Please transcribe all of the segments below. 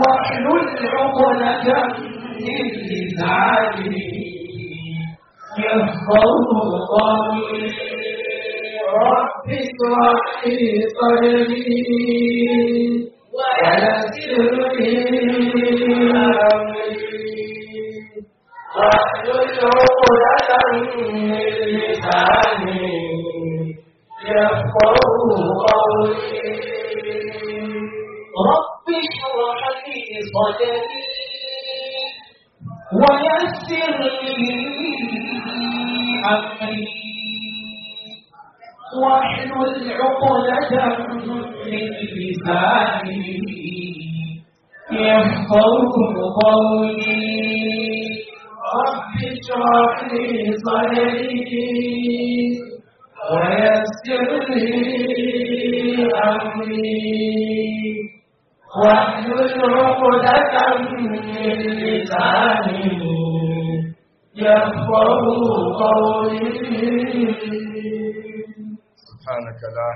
واحلل عقدة من لساني يفقه قولي رب اشرح لي صدري ويسر لي امري واحلل عقدة من لساني يفقه قولي رب اشرح لي صدري ويسر لي أمري واحلل عقدة من لساني يفقه قولي رب اشرح لي صدري ويسر لي أمري سبحانك لا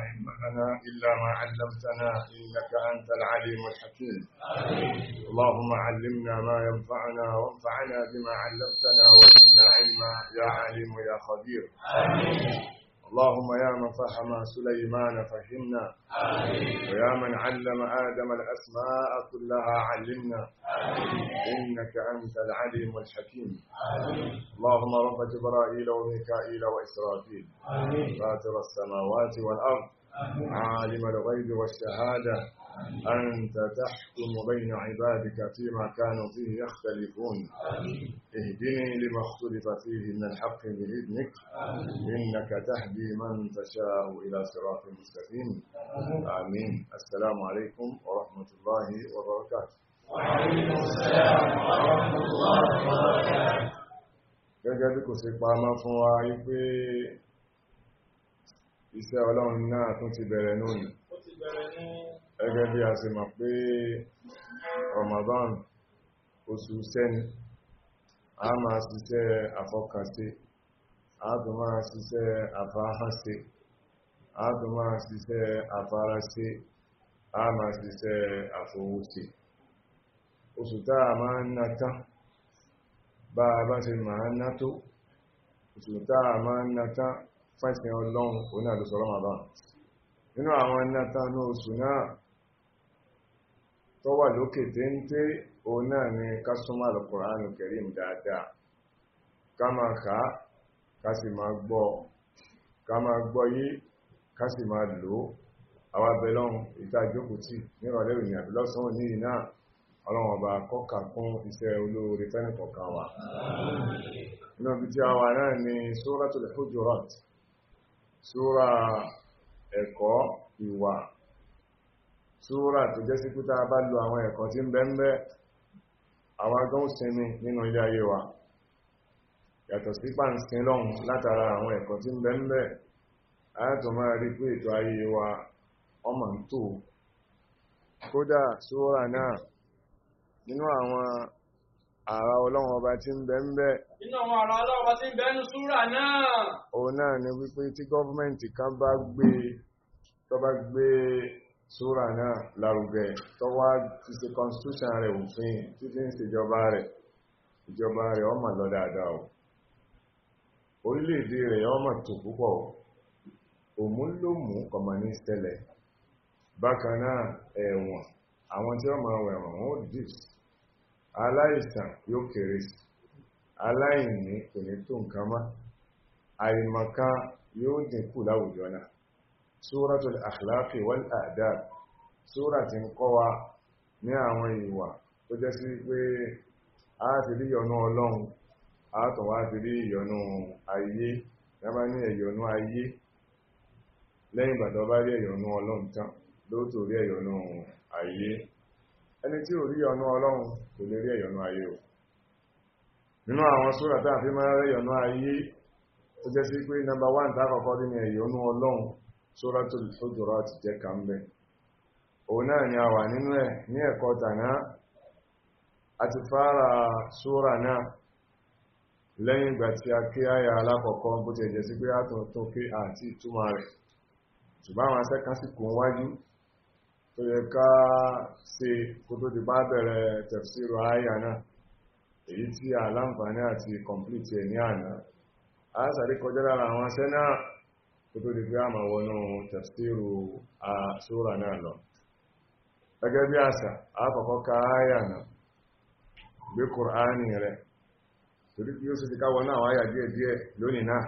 علم لنا إلا ما علمتنا إنك أنت العليم الحكيم اللهم علمنا ما ينفعنا وانفعنا بما علمتنا وزدنا علما يا عليم يا خبير آمين. اللهم يا من فهم سليمان فهمنا آمين. ويا من علم آدم الأسماء كلها علمنا آمين. إنك أنت العليم الحكيم آمين. اللهم رب جبرائيل وميكائيل وإسرافيل فاتر السماوات والأرض عالم الغيب والشهادة أنت تحكم بين عبادك فيما كانوا فيه يختلفون اهدني لما اختلف فيه من الحق بإذنك إنك تهدي من تشاء إلى صراط مستقيم آمين السلام عليكم ورحمة الله وبركاته وعليكم السلام ورحمة الله وبركاته gẹ́gẹ́ bí kò sí pamọ́ fún wa wípé iṣẹ́ ọlọ́run náà tún ti bẹ̀rẹ̀ ẹgẹ́ bí a sì mọ̀ pé Ramadan oṣù sẹ́ni a máa ṣiṣẹ́ àfọkànṣe a tún máa ṣiṣẹ́ àfáhánṣe a tún máa ṣiṣẹ́ àfáránṣe a máa ṣiṣẹ́ àfowóṣe oṣù táà máa ń na tán bá a bá ṣe máa ń ná oṣù táà máa ń na tán ọlọ́run oní àdúsọ́lọ́mà bá nínú àwọn ẹ̀nà tánú oṣù náà tó wà lókè téńté òun náà ni ká súnmọ́ Al-Qur'an Karim dáadáa ká máa kà á ká sì máa gbọ́ ká máa gbọ́ yé ká sì máa lò ó àwọn abẹ́lọ́run ìtajókòtì nírọ̀lẹ́ òní àbílọ́sán òní náà ọlọ́run ọba kọ́kà fún iṣẹ́ olóore fẹ́nì kọ̀ọ̀kan wa inú bí tí a wà náà ni Suratul Hujurat sóra ẹ̀kọ́ ìwà súwúrà tó jẹ́ sí pútà bá lo àwọn ẹ̀kọ́ tí ń bẹ ń bẹ àwọn agán sinmi nínú ilé ayé wa yàtọ̀ sí pàǹsìn lọ́hùn látara àwọn ẹ̀kọ́ tí ń bẹ ń bẹ ayàtọ̀ máa rí pé ètò ayé wa ọmọ ń tò kódà súwúrà náà nínú àwọn ara ọlọ́run ọba tí ń bẹ òun náà ni wípé tí gọ́ọ̀mẹ̀ntì kan bá gbé súra náà lárugẹ tó wá ti ṣe constitution rẹ̀ òfin títí ń ṣèjọba rẹ̀ ìjọba rẹ̀ ọmọ o orílẹ̀-èdè rẹ̀ ọmọ tó púpọ̀ òmúlòmù kọmọ ní ṣẹlẹ̀ bákan náà ẹ̀wọ̀n àwọn tí alaịsa máa wẹ̀wọ̀n dìs aláìsàn yóò kéré aláìní kò ní súratul akhlaqi wal adab súra ti ń kọ́ wa ní àwọn ìwà tó jẹ́ sí pé a ti rí ìyọnú ọlọ́run a tọ̀ wá ti rí ìyọnú ayé yàbá ní ẹ̀yọnú ayé lẹ́yìn ìgbàdọ̀ bá rí ẹ̀yọnú ọlọ́run tán lóòtò rí ẹ̀yọnú ayé ẹni tí ò rí ìyọnú ọlọ́run kò lè rí ẹ̀yọnú ayé o nínú àwọn súra tá rí ẹ̀yọnú ayé tó jẹ́ sí pé nọ́mbà wá tá Suratul Hujurat ti jẹ́ ka bẹ̀. òun náà ni a wà nínú ẹ̀ ní ẹ̀kọ́ tàná àti fara sura náà lẹ́yìn ìgbà tí a kí àyà alákọ̀ọ́kọ́ bó ti jẹ́ sí pé àtọ̀tọ̀ àti ìtumọ̀ rẹ̀ ṣùgbọ́n àwọn kótó di pé a máa wọnú tafsiru a sóra náà lọ gẹ́gẹ́ bí àṣà àkọ́kọ́ ka áyà náà gbé kùránì rẹ̀ torí bí ó sì ti káwọ náà wáyà díẹ̀ díẹ̀ lónìí náà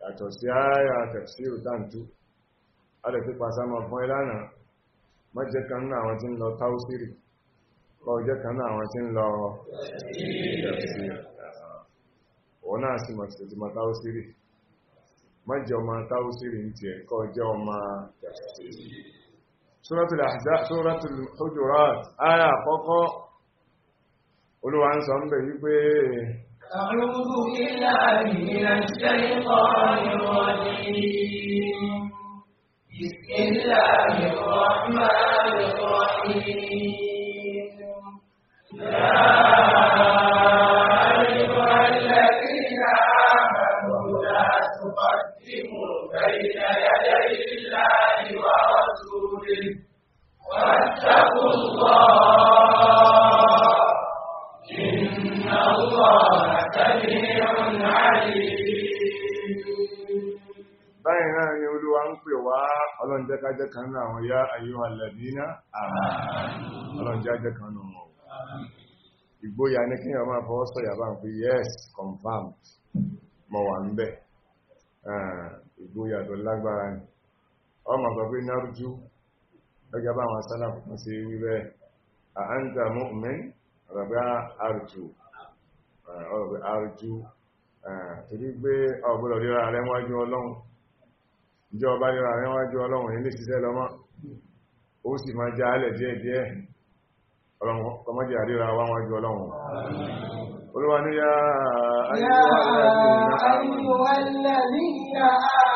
yàtọ̀ sí áyà tafsiru tàǹtú alẹ́ tí pàṣẹ máa fún ìlànà má jẹ́ kan náà àwọn tí ń lọ táúsírì ọjọ́ kan náà àwọn tí ń lọ tafsiru òun náà sì mọ̀ sí ti mọ̀ táúsírì mọ́jẹ́ ọmọ táwọ́sírì ń tiẹ̀ kọ́ jẹ́ ọmọ Suratul Ahzab Suratul Hujurat ayà àkọ́kọ́ olúwa ń sọ واتقوا الله إن الله سميع عليم báyìí náà ni olúwa ń pè wá kan náà àwọn ya ayyuhal ladina kan náà ìgbóyà ní ń yes confirmed mọ̀ wà ń ìgbóyà tó lágbára ni ọmọ gẹ́gẹ́ bá wọn sálà fún sí wíwẹ́ àáńtà mọ́mìn ọ̀rọ̀bẹ́ àrùjù ọ̀rọ̀bẹ́ àrùjù torí pé ọ̀gbọ́dọ̀ ríra rẹ̀ wájú ọlọ́run ìjọ ọba ríra rẹ̀ wájú ọlọ́run ilé ṣiṣẹ́ lọ́mọ ó sì máa já alẹ̀ díẹ̀díẹ̀ ọmọdé àríra wá wájú ọlọ́run olúwa ní yá ayúwàlẹ́lẹ́lẹ́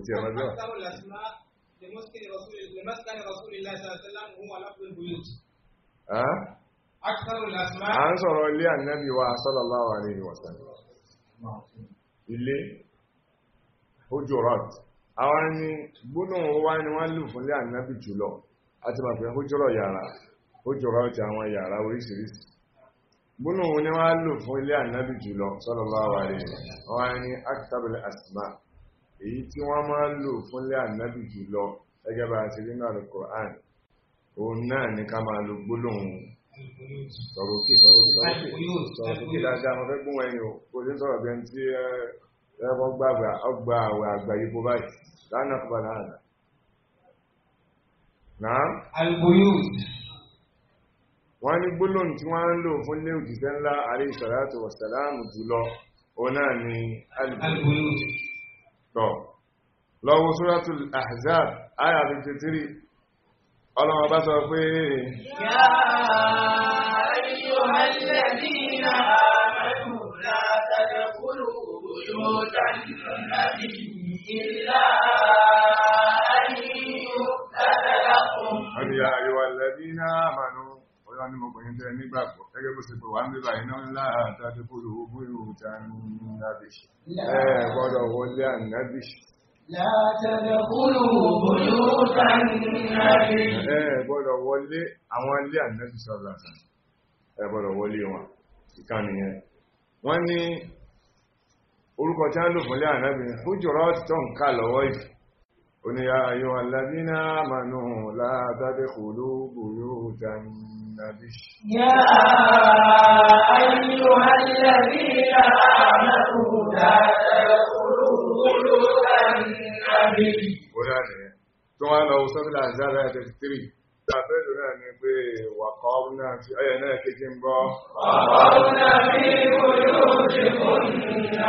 وسيرة الرواية أكثر الأسماء لمسكن رسول الله صلى الله عليه وسلم هو لفظ البيوت ها أكثر الأسماء عن صلى الله النبي صلى الله عليه وسلم ilé hujurat àwọn ni gbónáwó wá ni wọ́n lù fún lé ànábì jùlọ àti bàbá hujurat yàrá hujurat ti àwọn yàrá oríṣiríṣi gbónáwó ni wọ́n lù fún lé ànábì jùlọ sallallahu alaihi wa sallam àwọn ni aktabul asma' èyí tí wọ́n máa ń lò fúnlé ànábì jùlọ gẹ́gẹ́ bá ti rí náà lóko àn òun náà ní ká máa lo gbólóhùn sọ̀rọ̀kì sọ̀rọ̀kì sọ̀rọ̀kì dáadáa mo fẹ́ gbóhùn ẹni o kò sí sọ̀rọ̀ bẹ́ẹ̀ tí ẹ̀rọ gbàgbà ọgbà àwẹ̀ àgbà yìí kó báyìí lánàá kó bá lánàá. Náà. Alboyún. Wọ́n ní gbólóhùn tí wọ́n ń lò fún ilé òjìṣẹ́ ńlá àrí ìṣàlátò wọ̀sàlámù jùlọ, òun náà ni alboyún tọ́ lọ́wọ́ suratul ahzab aya 53 ọlọ́wọ́ bá sọ pé yá ayyuhal ladina illa ọlọ́run ní mo pè ní tẹ́ nígbàgbọ́ gẹ́gẹ́ bó ṣe pé wà ń iná ńlá àtàdé ogún ìhùn ta ń nábìṣì ẹ wọlé ànábìṣì. Látẹ̀lẹ̀ wọlé àwọn ilé ànábìṣì ọ̀la ẹ gbọ́dọ̀ wọlé wọn ìkànnì yẹn. Wọ́n ní لا تدخلوا بيوتا يا أيها الذين آمنوا لا تدخلوا بيوت النبي tó wá lọ sọ́fílà ń zára ẹ̀ 33 tàbẹ́lù náà ni pé wàkọ́ náà tí ọyẹ̀ náà kéjì ń bọ́ wàkọ́ náà bí ojú ti kò ní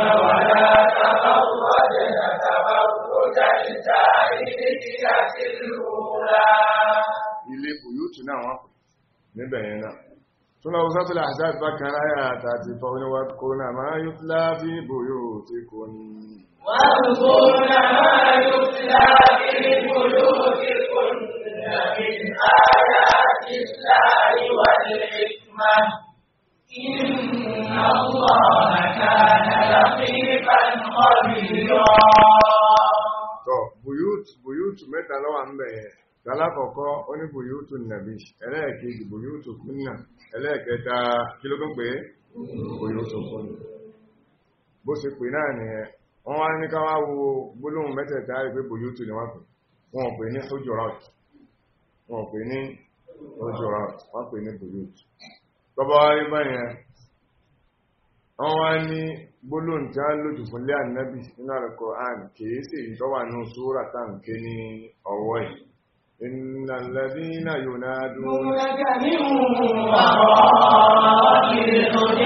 àwọn aláàtàbà wọ́dẹ̀ àtàbà kó jáde jáde ní ìdí àti ìlú rà ilé kò yóò tún náà wọ́n pè níbẹ̀ yẹn náà tún lọ sọ́tọ̀ l'Ahzab bákan ayà àtàtì tọ́ ní wà kó náà máa yóò tí láàfí bò yóò tí kò ní wọ́n kó náà máa yóò tí láàfí bò yóò tí kò ní من آيات الله والحكمة إن الله كان لطيفا خبيرا. طب بيوت بيوت متى لو عم lálákọ̀ọ́kọ́ oníbùyútù nàbí ẹlẹ́ẹ̀kejì bùyútù kúnnà ẹlẹ́ẹ̀kẹta kílógún pé bùyútù kúnnà bó ṣe pè náà ni wọ́n wá ní káwá wo gbólóhùn mẹ́tẹ̀ẹ̀ta rí pé bùyútù ni wọ́n pè wọ́n pè ní hujurat wọ́n pè ní hujurat wọ́n pè ní bùyútù tọ́bọ̀ wá rí báyẹn wọ́n wá ní gbólóhùn tí wọ́n lòdù fún lé إن الذين ينادونك من وراء الحجرات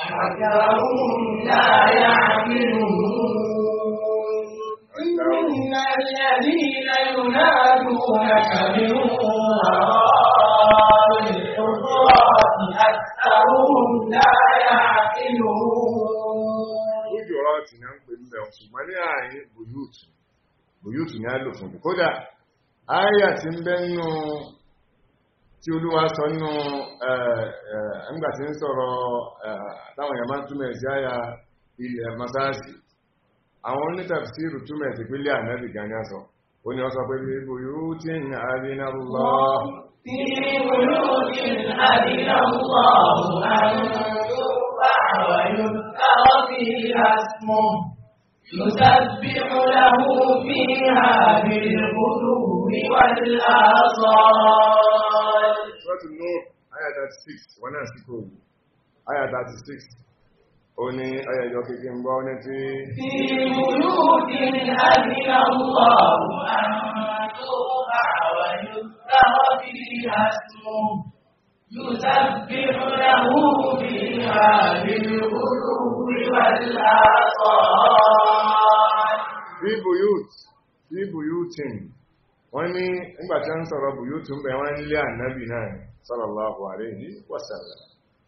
أحكام لا يعقلون إن الذين ينادونك òsìn kódà ayà ti ń bẹ tí olúwa sọ nínú ẹ̀ẹ́gbà nsọrọ ń sọ̀rọ̀ táwọn èèyàn máa sí ayà ilẹ̀ masáàsì àwọn onítàfsírù túmẹ̀ sí pílẹ̀ sọ ó ní ọsọ pé bí yóò tí ń àrínà lọ Bí ibò ń àwọn يسبح له فيها بالغدو والآصال سورة النور آية 36 وانا سكو آية 36 ó ní ayẹyọ kékeré ń gbọ́ ní tí. fi buyuti adina Allahu an turfa wa yuzkara fiha ismuhu yusabbihu lahu fiha bil-ghuluwi Bí Buyut, bí Buyutin, wọ́n ní nígbàtí wọ́n sọ̀rọ̀ Buyutin bẹ̀ wọ́n nílé ànábì náà sallallahu alayhi wa sallam.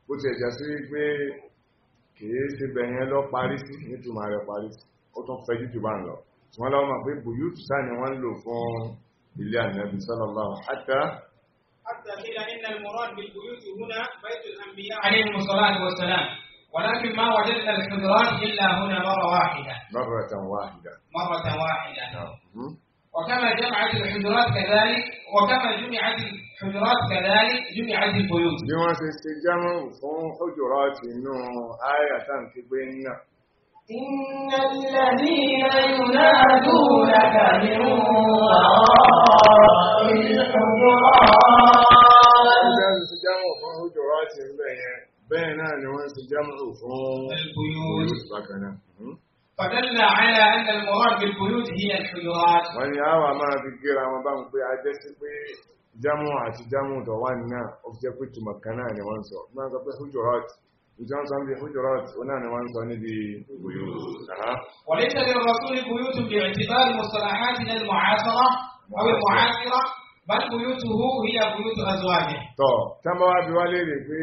Bó ti ẹ̀já sí pé kìí ṣe bẹ̀yẹn lọ parí sí nítumà rẹ̀ parí sí, ó tún fẹ́ jù jù bá ń lọ. Wọ́n lọ́wọ́ mọ̀ pé Buyut sáà ni wọ́n lò fún ilé ànábì حتى قيل المراد بالبيوت هنا بيت عليهم والسلام ولكن ما وجدت الحجرات إلا هنا مرة واحدة مرة واحدة مرة واحدة نعم وكما جمعت الحجرات كذلك وكما جمعت الحجرات كذلك جمعت البيوت بما سيستجمع حجرات إنه آية بيننا إن الذين ينادونك من وراء الحجرات إذا حجرات بينه bẹ́ẹ̀ náà ni wọ́n ti jámù fún buyut bákan náà. فدل على أن المراد بالبيوت هي الحجرات. wọ́n ní àwọn máa fi gíra wọn bá ń pé ajẹ́ sí pé jámù àti jámù tọ̀ wá náà ó fi jẹ́ pé tùmọ̀ kan náà ni wọ́n sọ. wọ́n sọ pé hujurat ìjọ sọ bí hujurat ó náà ni wọ́n sọ níbi buyut. وليس للرسول بيوت باعتبار مصطلحاتنا المعاصرة أو المعاصرة بل بيوته هي بيوت أزواجه. tọ́ tábà wá bí wá léèrè pé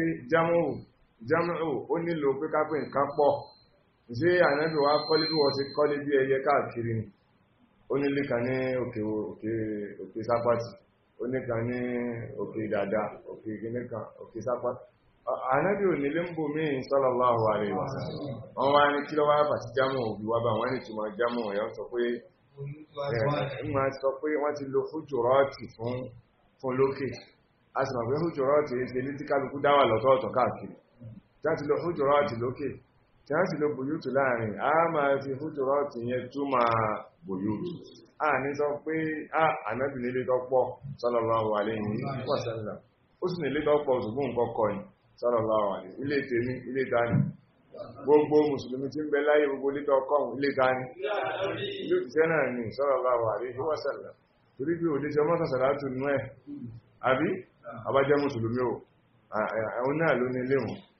jamu ó nílò pé ká pé nǹkan pọ̀ ṣé ànábì wa kọ́lé bí wọ́n ti kọ́lé bí ẹyẹ káàkiri ni ó nílé kan ní òkè òkè sápàtì ó ní kan ní òkè dàda òkè gíní kan òkè sápàtì ànábì ò nílé ń bò mí sallallahu alaihi wasallam wọn wá ní kí ló wá bàtí jamu òbí wa bá wọn ní túmọ̀ jamu ọ̀yọ́ sọ pé ìmọ̀ sọ pé wọ́n ti lo fújùrọ́ọ̀tì fún fún lókè a sì mọ̀ pé fújùrọ́ọ̀tì tí a ti lọ hújúrọ́ọ̀tì lókè tí a ti lọ bòyútù láàrin a máa fi hújúrọ́ọ̀tì yẹn túmọ̀ bòyútù a ní sọ pé a ànábì nílé tọ́pọ̀ sallallahu alaihi ó sì nílé tọ́pọ̀ ṣùgbọ́n nǹkan kọ ni ilé tèmi ilé tani gbogbo mùsùlùmí tí ń bẹ láyé gbogbo ilé ilé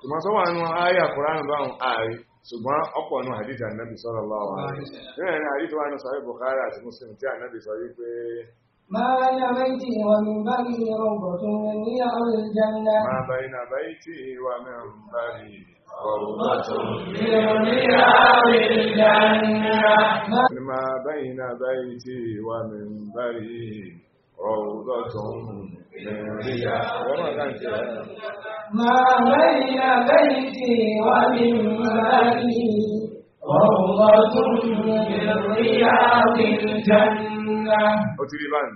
ṣùgbọ́n sọ́wọ́ àwọn ayé àkùránù bá wọn ààrí ṣùgbọ́n ọ̀pọ̀ ní àdíjà nẹ́bí sọ́rọ̀ lọ́wọ́ rẹ̀ ní àdíjà wà ní àti Muslim tí ànẹ́bí sọ wípé máa na báyìí tí wà mẹ́rin báyìí ما بين بيتي روضة من رياض ما بين بيتي ومنبري روضة من رياض الجنة أتري بان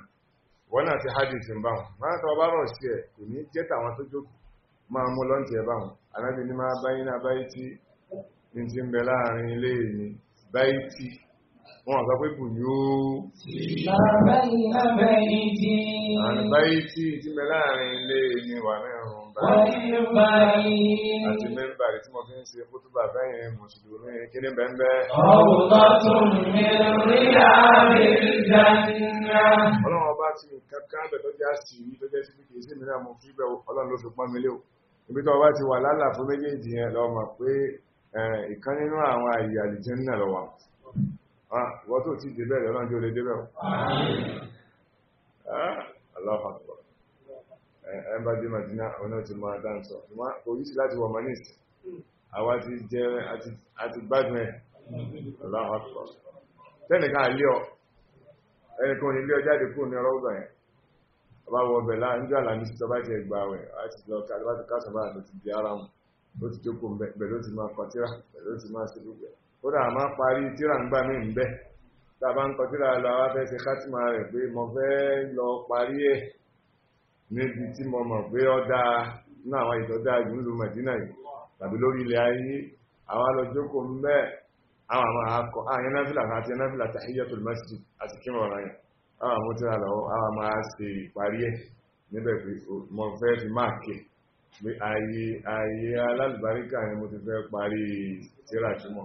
وانا في حديث بان ما تبارو شيء كني جتا وان تجوك ما مولون تي بان انا بني ما بين بيتي من تنبلا عن ليني بيتي wọn àgbà pé bù yóò àgbáyé tí tí mẹ láàrin ilé ni wà mẹ́rùn báyìí àti mẹ́mbà tí mo fi ń ṣe kó túbà bẹ́yìn mùsùlùmí kí ní bẹ́ẹ̀bẹ́ ọlọ́run ọba ti kankan bẹ̀ tó jẹ́ àṣì yìí tó jẹ́ sí pé kìí sí mìíràn mo fi bẹ̀ ọlọ́run ló fi pọ́n mi Ah, ìwọ tó ti dé bẹ́ẹ̀ lọ́nà jẹ́ olè dé bẹ́ẹ̀ ah, aláfàtọ̀ ẹ̀mbà dé ọ̀nà ti máa dáńtọ̀ oríṣi láti wọ̀ manis àwa ti jẹ́ àti gbádùn aláfàtọ̀ tẹ́nìká ilé ọ ẹnìkan ní ilé ọjáde kúrò ní ọlọ́gbà yẹn ọba wọ ọbẹ̀ láńjọ́ àlàmí sí lọ kásán ti di ara wọn ti jókòó bẹ̀ ló ti máa kọtíra bẹ̀ ló ti máa ṣe kódà a máa parí tíra ń gbà mí ń bẹ́ tá a bá ń kọ tíra lọ àwọn afẹ́sẹ̀ kátìmá rẹ̀ pé mo fẹ́ lọ parí ẹ̀ níbi tí mo mọ̀ pé ó dáa ní àwọn ìtọ́jà ìlú ìlú Mẹ̀dínà yìí tàbí lórí ilẹ̀ ayé àwọn alọ́jókòó ń bẹ́ àwọn àmà akọ àyẹn náfìlà àti náfìlà tahiyatul masjid àti kí wọ́n ráyàn àwọn àmútíra lọ́wọ́ àwọn àmà ṣe ìparí ẹ̀ níbẹ̀ pé mo fẹ́ fi máàkì pé ayé ayé alálùbáríkà yẹn mo ti fẹ́ parí tíra tí mo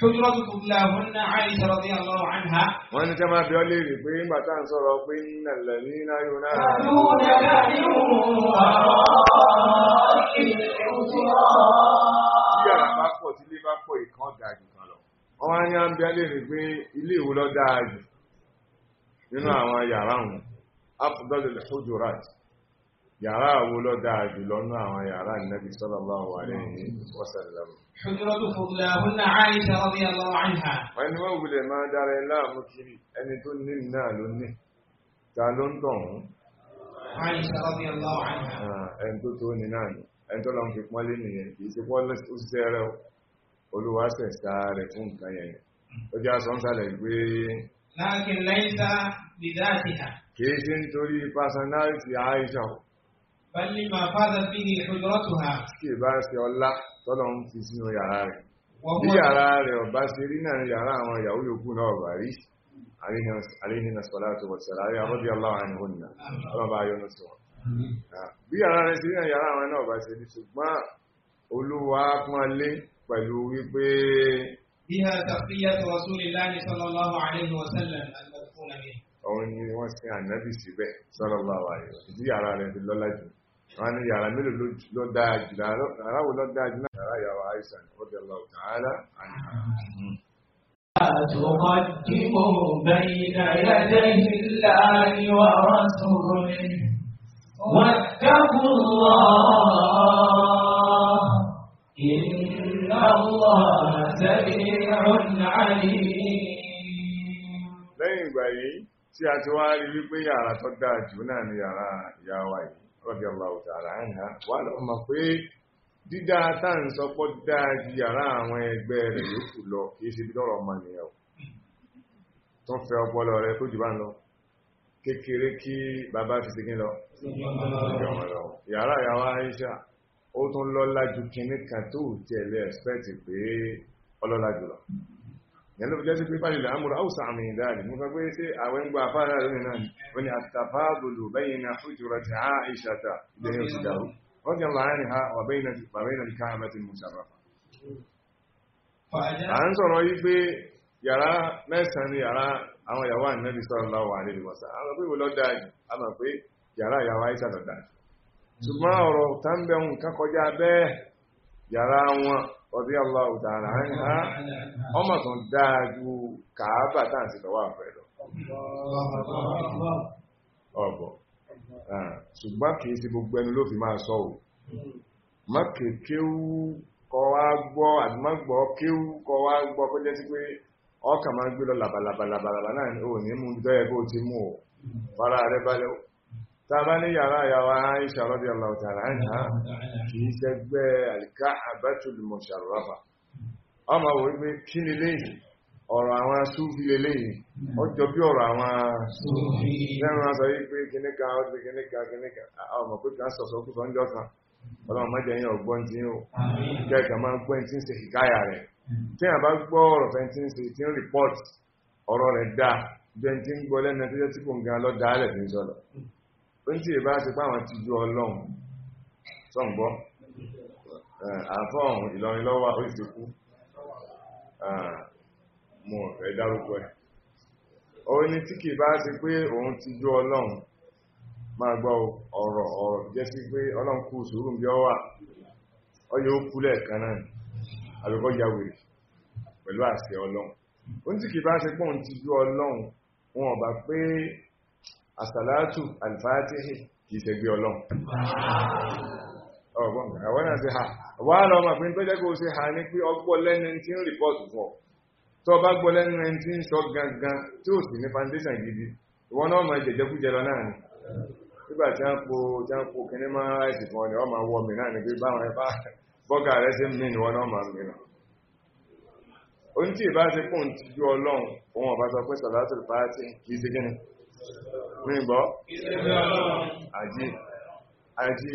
Ṣojúrọ́tù Kùbílà Húnná Àìsà rọ̀dí Allahu anha. Wọ́n ní tẹ́mà bí ó lè rí pé ń bàtà ń sọ̀rọ̀ pé ń nàlẹ̀ ní náyò náà. Àlú dàgbà ní òun ọ̀rọ̀ rí pé ilé ìwò lọ dáa jù nínú àwọn yàrá wọn. Afdalul hujurat yàrá àwo ló dáa jù lọ́nà àwọn yàrá Ànábì sallallahu alaihi wasallam. wọ́n ní wọ́n wulẹ̀ máa dára ẹ láàmú kiri ẹni tó ní náà ló ní ta ló ń tọ̀hún. ẹni tó tó ní náà ni ẹni tó lọ́n fi pọ́nlé nìyẹn kì í ṣe pọ́nlé ó ṣiṣẹ́ rẹ o olúwa ṣẹ̀ṣà aṣọ ń sálẹ̀ gbé. láàkì lẹ́yìn tá bìdá àti hà. kì ṣe nítorí pásánálítì Àìṣà o. Bẹ́ẹ̀ni máa fáza bí ní ìfojúrọ́tò ha. Kí ìbá ṣe ọlá tọ́lọ̀ ń fi sínú yàrá rẹ̀. Bí yàrá rẹ̀ ọba ṣe rí náà ní yàrá àwọn ìyàwó yòókù náà ọ̀bà rí. Àríhìn Sọláàtò Wọ̀sẹ̀lá, àríhìn Abọ́dí Aláwọ̀ àni Hónìyà, ọlọ́ba ayọ́nà sọ. Bí yàrá rẹ̀ ṣe rí náà yàrá àwọn náà ọba ṣe rí ṣùgbọ́n Olúwa pọ́n lé pẹ̀lú wípé. Bí a ni wọ́n sin ànábì síbẹ̀ sọ́lọ́láwọ̀ Ìdí yàrá rẹ̀ ti lọ́lá jù wọ́n ní yàrá mélòó ló dáa jù yàrá wo ló dáa jù náà yàrá yàrá àìsàn ọ̀dọ̀ lọ tààlà àná. تقدموا بين يدي الله ورسوله واتقوا الله إن الله سميع عليم lẹ́yìn ìgbà yìí tí a ti wá rí wípé yàrá tó dáa jù náà ni yàrá ìyá wa yìí radiyallahu ta'ala anha wà lọ mọ̀ pé dídá táà ń sọpọ́ dáa ju yàrá àwọn ẹgbẹ́ rẹ̀ yòókù lọ kìí ṣe bí lọ́rọ̀ ọmọ nìyẹn o tó fẹ́ ọpọlọ rẹ̀ tó jù bá lọ kékeré kí bàbá fi segin lọ yàrá ìyàwó Aisha ó tún lọ́lá ju kinní tó tẹ̀lé ẹ̀spẹ́tì pé ọlọ́lá jùlọ. ìyẹn ló fi jẹ́ sí pé báyìí lámùrù áwùsà àmì ìdáàlì mú sọ pé sí àwẹ́ ń gba afárá wani náà ni ó ní àtàfáàgòlò bẹ́yìn na ṣùjúra su á ìṣàtà ilé ha wà bẹ́yìn na ká àbẹ́tì mùsàràfà. à ni lọ a mọ̀ pé yàrá yàwó àìsà lọ dáàjù ṣùgbọ́n ọ̀rọ̀ tá ń ọdí aláwọ̀ a ń ha ọmọ tó ń dáa ju kàábà táà ti lọ́wọ́ àfẹ́ ọ̀bọ̀ ṣùgbọ́n kìí í ṣe gbogbo ẹni ló fi máa sọ ò mọ́kè kéwú kọ wá gbọ́ àti kéwú wá gbọ́ pé pé ọkà máa ń gbé lọ náà ò ní mú bó ti mú fara rẹ tàbá ní yàrá àyàwà Aisha radiyallahu ta'ala anha kì í ṣẹgbẹ́ al-Ka'batul Musharrafa ọmọ wò wípé kí ni léyìn ọ̀rọ̀ àwọn Súfì léyìn ọjọ́ bí ọ̀rọ̀ àwọn Súfì lẹ́rùn aṣọ wípé kíníkà ọdún kíníkà kíníkà ọmọ pé kà sọ̀sọ̀ kú sọ́njọ́ kan ọlọ́run má jẹ́ yín ọgbọ́n tí ó kẹ́ẹ̀kà máa ń gbọ́ ẹni tí ń ṣe ìkáyà rẹ̀ tí a bá gbọ́ ọ̀rọ̀ fẹ́ tí ń ṣe tí ń rìpọ́ọ̀tì ọ̀rọ̀ rẹ̀ dáa jẹ́ ti ń gbọ́ lẹ́nu tó jẹ́ tí kò ń gan lọ́dáa rẹ̀ fi ń sọ̀rọ̀ ó ń tí ìbá ti páwọn ti ju ọlọ́run sọ́ǹgbọ́ àfọ́ọ̀hún ìlọrin lọ́wọ́ ó ti kú mo fẹ́ dárúkọ ẹ̀ ó ní tí kì bá ti pé òun ti ju ọlọ́run máa gbọ́ ọ̀rọ̀ ọ̀rọ̀ jẹ́ sí pé ọlọ́run kú sùúrù bí ọ wà ọ yóò kú lẹ́ẹ̀kan náà àlùkọ́ ya wèrè pẹ̀lú àṣẹ ọlọ́run ó ní tí kì bá ti pé òun ti ju ọlọ́run wọn ò bá pé àsàlátù alfàtíhì kìí ṣẹgbẹ́ ọlọ́run ọgbọ́n àwọn náà ṣe ha wà lọ ma pín tó jẹ́ kó ṣe ha ní pé ọgbọ́ lẹ́nu tí ń rìpọ́ọ̀tù fọ́ tó bá gbọ́ lẹ́nu ẹni tí ń sọ gangan foundation gidi ìwọ́n náà ma jẹjẹkújẹ lọ ni nígbà tí a ń po tí a ń po kìnní máa ráìsì fún ọ ni ọ máa wọ mìíràn ni pé báwọn ẹ bá bọ́gà rẹ ṣe ń mí ni wọn náà máa mìíràn oní ìbá ṣe pòun ti ju ọlọ́run òun ọ̀bá sọ pé sọ̀lá tó kìí ṣe gíní mímbọ́ àjí àjí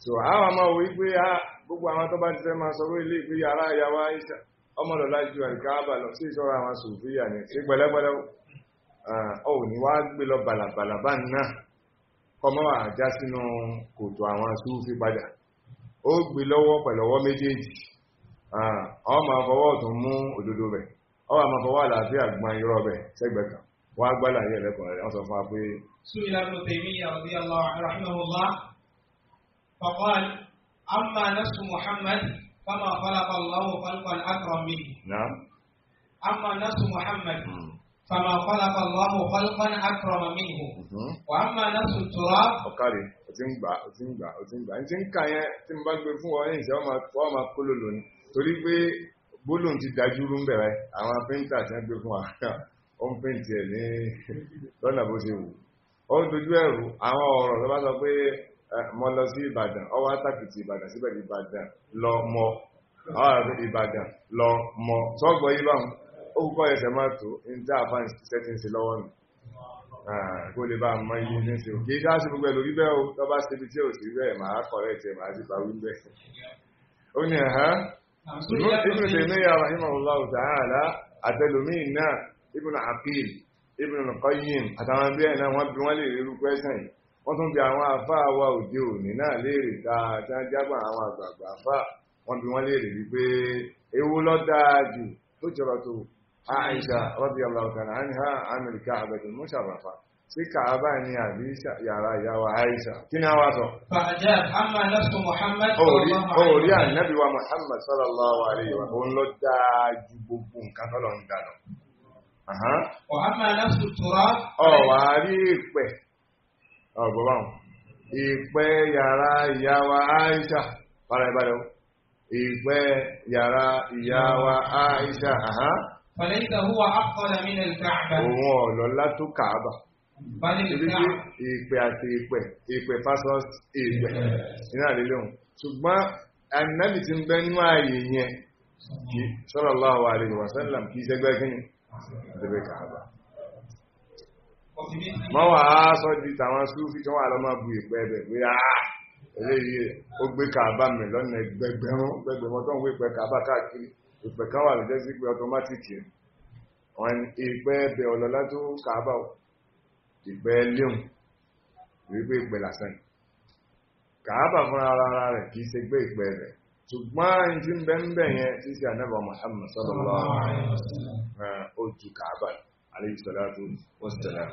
so àwọn ọmọ wípé a gbogbo àwọn tó bá ti fẹ́ máa sọ̀rọ̀ ilé ìpé yàrá ìyàwó àìsà ọmọlọ́lá ju àríkáàbà lọ sí ìṣọ́ra àwọn sòfíà ní sí pẹ̀lẹ́pẹ̀lẹ́ ò ní wá gbé lọ bàlàbàlà bá náà kọmọ́ àjá sínú kòtò àwọn súfí padà ó gbé lọ́wọ́ pẹ̀lọ́wọ́ méjèèjì ọmọ afọwọ́ ọ̀tún mú òdodo bẹ̀ ọwọ́ àmọ́fọwọ́ àlàáfíà gbọ́n irọ́ bẹ̀ sẹ́gbẹ̀ẹ́ kan wọ́n á gbálà yẹ lẹ́kùn rẹ̀ wọ́n sọ fún wa pé. سئل ابن تيمية رضي الله عنه رحمه الله فقال أما نفس محمد فما خلق الله خلقا أكرم منه. o ti ń gbà o ti ń gbà o ti ń gbà n ti ń kà yẹn tí n bá gbé fún ọ yẹn ìṣe ọ máa kó lòlò ni torí pé gbólóhùn ti dájú rú ń bẹ̀rẹ̀ àwọn píńtà ti ń gbé fún wa. ó ń pè tiẹ̀ ní lọ́nà bó ṣe wù ó dojú ẹ̀rù àwọn ọ̀rọ̀ ló bá sọ pé mo lọ sí Ìbàdàn ọwọ́ àtàkìtì Ìbàdàn síbẹ̀ Ìbàdàn lọ mọ Ìbàdàn lọ mọ yìí báwọn ó ẹsẹ̀ máa tó lọ́wọ́ kó lè bá mọ iye ní ṣe sí gbogbo bẹ́ẹ̀ o tó bá síbi tí ò sí bẹ́ẹ̀ kọ̀rẹ́ sì bá ó ní ẹ̀hán ibn Aqil ibn Qayyim àtàwọn ẹgbẹ́ náà wọ́n bí wọ́n lè rí irú kwẹ́sàn yìí wọ́n tún bí àwọn àfá wa òde òní náà léèrè dáadáa jágbà àwọn àgbààgbà àfá wọ́n bí wọ́n léèrè wípé ewu lọ dáa jù tó jọba tó Aisha rọ́bì ọlọ́ọ̀kan àníhà Amẹ́ríkà àbẹ̀tẹ̀ mọ́ṣàbàfà sí kàábà ní àbí yàrá ìyáwà Aisha kí ni a wá sọ. fàájà àmà nafsu Muhammad sallallahu alayhi wa orí ànábìwa ọ̀hámà lásù tọ́rọ. ọ̀wà rí ìpẹ́ ọ̀gbọ̀n ìpẹ́ yàrá ìyá wa Aisha para ìbàdàn ìpẹ́ yàrá ìyá wa Aisha. fàlẹ́ ìtàhùwà àkọlẹ̀ mi lẹ́nu káàbà. òun ọ̀lọ́lá tó káàbà ìpè àti ìpè ìpè pásọs ìpè nínú àlélẹ́hùn ṣùgbọ́n ànábì ti ń bẹ nínú ààyè yẹn sallallahu alaihi wasallam kìí ṣẹgbẹ́ kí ni ìdẹ́bẹ̀ kàábà mọ́ wà á sọ di tàwọn súfì tí wọ́n wà lọ máa bu ìpẹ́ ẹ̀bẹ̀ pé á ah, eléyìí ó gbé kàábà mi lọ́nà ẹgbẹgbẹ̀rún gbẹgbẹ̀rún tó ń wé ìpẹ́ kàábà káàkiri ìpẹ́ kan wà lọ́jọ́ sí pé ọtọmátìkì wọn ìpẹ́ ẹ̀bẹ̀ ọlọ́lá tó kàábà ìpẹ́ léhùn wípé ìpẹ́ làsán kàábà fúnra ara ṣùgbọ́n tí ń bẹ́ẹ̀ yẹn tí sí ànábà Muhammad sallallahu alaihi wasallam ojú kàábà alayhi salatu wassalam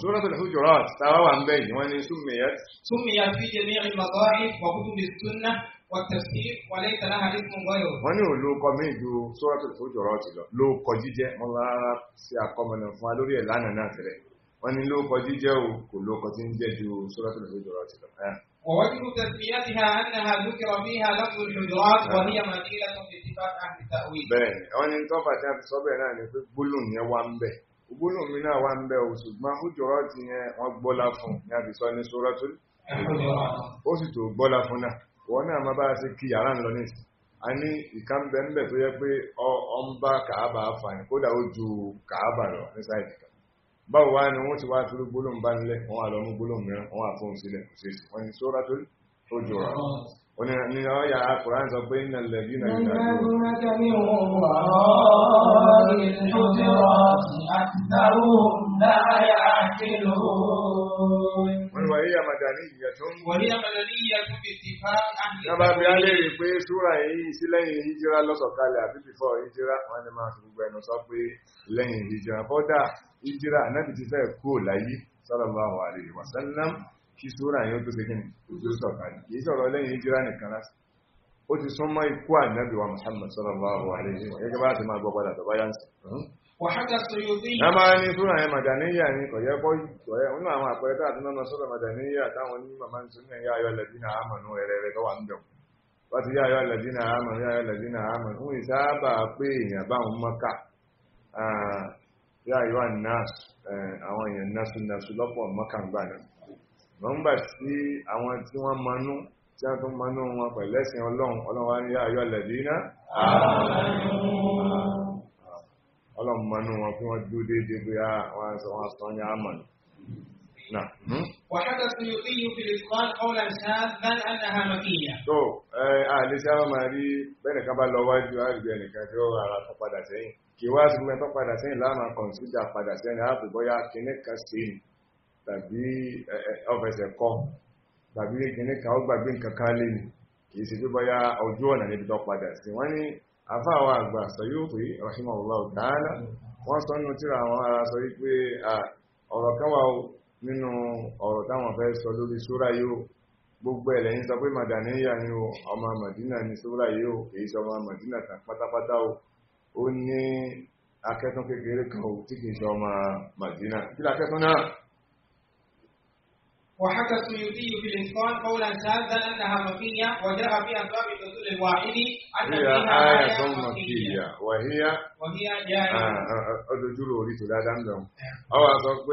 Suratul Hujurat tàwa wà ń bẹ́ẹ̀ wọ́n ni summiyat summiyat fi jami'il madahif wa kutubi sunnah wa tafsir wa laysa laha ismun ghayruhu wọ́n ní ò ló kọ mí ju Suratul Hujurat lọ ló kọ jíjẹ́ mọ́ lára sí akọ́mọ̀nà fún alórí ẹ̀ lánàá náà tẹ̀lẹ̀ wọ́n ní ló jíjẹ́ ووجه تسميتها أنها ذكر فيها لفظ الحجرات وهي مدينة باتفاق أهل التأويل. بẹ́ẹ̀ wọ́n ní tọ́fà tí a ti sọ bẹ́ẹ̀ náà ni pé gbólóhùn yẹn wà ń bẹ̀ gbólóhùn mi náà wà ń bẹ̀ o ṣùgbọ́n hujurat yẹn wọ́n gbọ́lá fún ní a ti sọ ní suratul ó sì tó gbọ́lá fún náà wọ́n náà má bá a ṣe kí yàrá ń lọ nísì a ní ìkànnbẹ̀ ń bẹ̀ tó yẹ pé ọ ń bá kàábà fà ní kódà ó ju kàábà lọ ní sáìdì k báwo wá ni wọ́n ti wá fúrú gbólóhùn bá nílẹ̀ wọ́n àlọ́ mú gbólóhùn mìíràn wọ́n àfóhùn sílẹ̀ kò wọ́n ni sóra tó jọra wọ́n ọ̀yà akùnrin sọ pé iná lẹ̀bí iná yìí dájú. وهي مدنية وهي مدنية باتفاق أهل نبا بيالي ريبي سورة هي سلين هجرة لسو كالي أبي بفور هجرة وانا ما سبب أنه سبب لين هجرة بودا هجرة نبي تفاق كول أي صلى الله عليه وسلم kí sóra yóò tó segin tó sọ̀kalẹ̀ kìí sọ̀rọ̀ lẹ́yìn hijira nìkan láti ó ti súnmọ́ ikú ànábì wa Muhammad sallallahu alaihi wa sallam gẹ́gẹ́ bá ti máa gbọ́ padà tó bá yá ń sọ Nàmá ní súnà yẹn Màdàníyà ní kọ̀yẹ́ bọ́ ìjọyẹ́ nínú àwọn àpẹẹrẹ àti nọ́nà sọ́dọ̀ Màdàníyà táwọn ní màmá ní súnà yá ayọ́ lẹ́bí náà àmànú ẹ̀rẹ́ rẹ̀ tọ́wà ń bẹ̀. Wọ́n ti yá ayọ́ lẹ́bí náà àmànú yá ayọ́ lẹ́bí náà àmànú ń sábà pé èèyàn báwọn mọ́kà yá ayọ́ nọ́ọ̀sì àwọn èèyàn nọ́ọ̀sì nọ́ọ̀sì lọ́pọ̀ mọ́kà ọlọ́mọnú wọn fún wọn dúró déédéé bí wọ́n sọ wọn sọ ní àmọ́ ni. وحدث يطي في الإسقاط قولا شاذا أنها مكية. tó ẹ àlè bẹ́ẹ̀ nìkan bá lọ wájú àgbẹ̀ nìkan tí ó rà tó padà kì wá sí mẹ́tọ́ padà sẹ́yìn láàmà kọ̀ǹsídà padà sẹ́yìn ààbò bọ́yá kìíní kan sí tàbí ọ̀fẹsẹ̀ kọ́ tàbí kìíní kan ó gbàgbé nǹkan kan lé ni kì í ṣe pé bọ́yá ojú ọ̀nà níbi tó padà sí wọ́n ní afáwọn àgbà sọ̀yọ́pẹ́ rahimahullah ta'ala wọ́n sọ nínú tíra àwọn ará sọ wípé ọ̀rọ̀ kan wà nínú ọ̀rọ̀ táwọn fẹ́ sọ lórí sóra yóò gbogbo ẹ̀lẹ̀ ń sọ pé madaniya ni o ọmọ madina ni sóra yóò èyí sọ ọmọ madina kan pátápátá ó ní akẹ́tún kékeré kan o tí kìí sọ ọmọ madina kí lakẹ́tún náà وحكى السيوطي في الانسان قولا شاذا أنها مكية وجاء في أسباب النزول الواحد أن هي آية, آية مكية وهي وهي جاهلة الرجل آه، آه، آه، وليت لا دمدم أو أصبح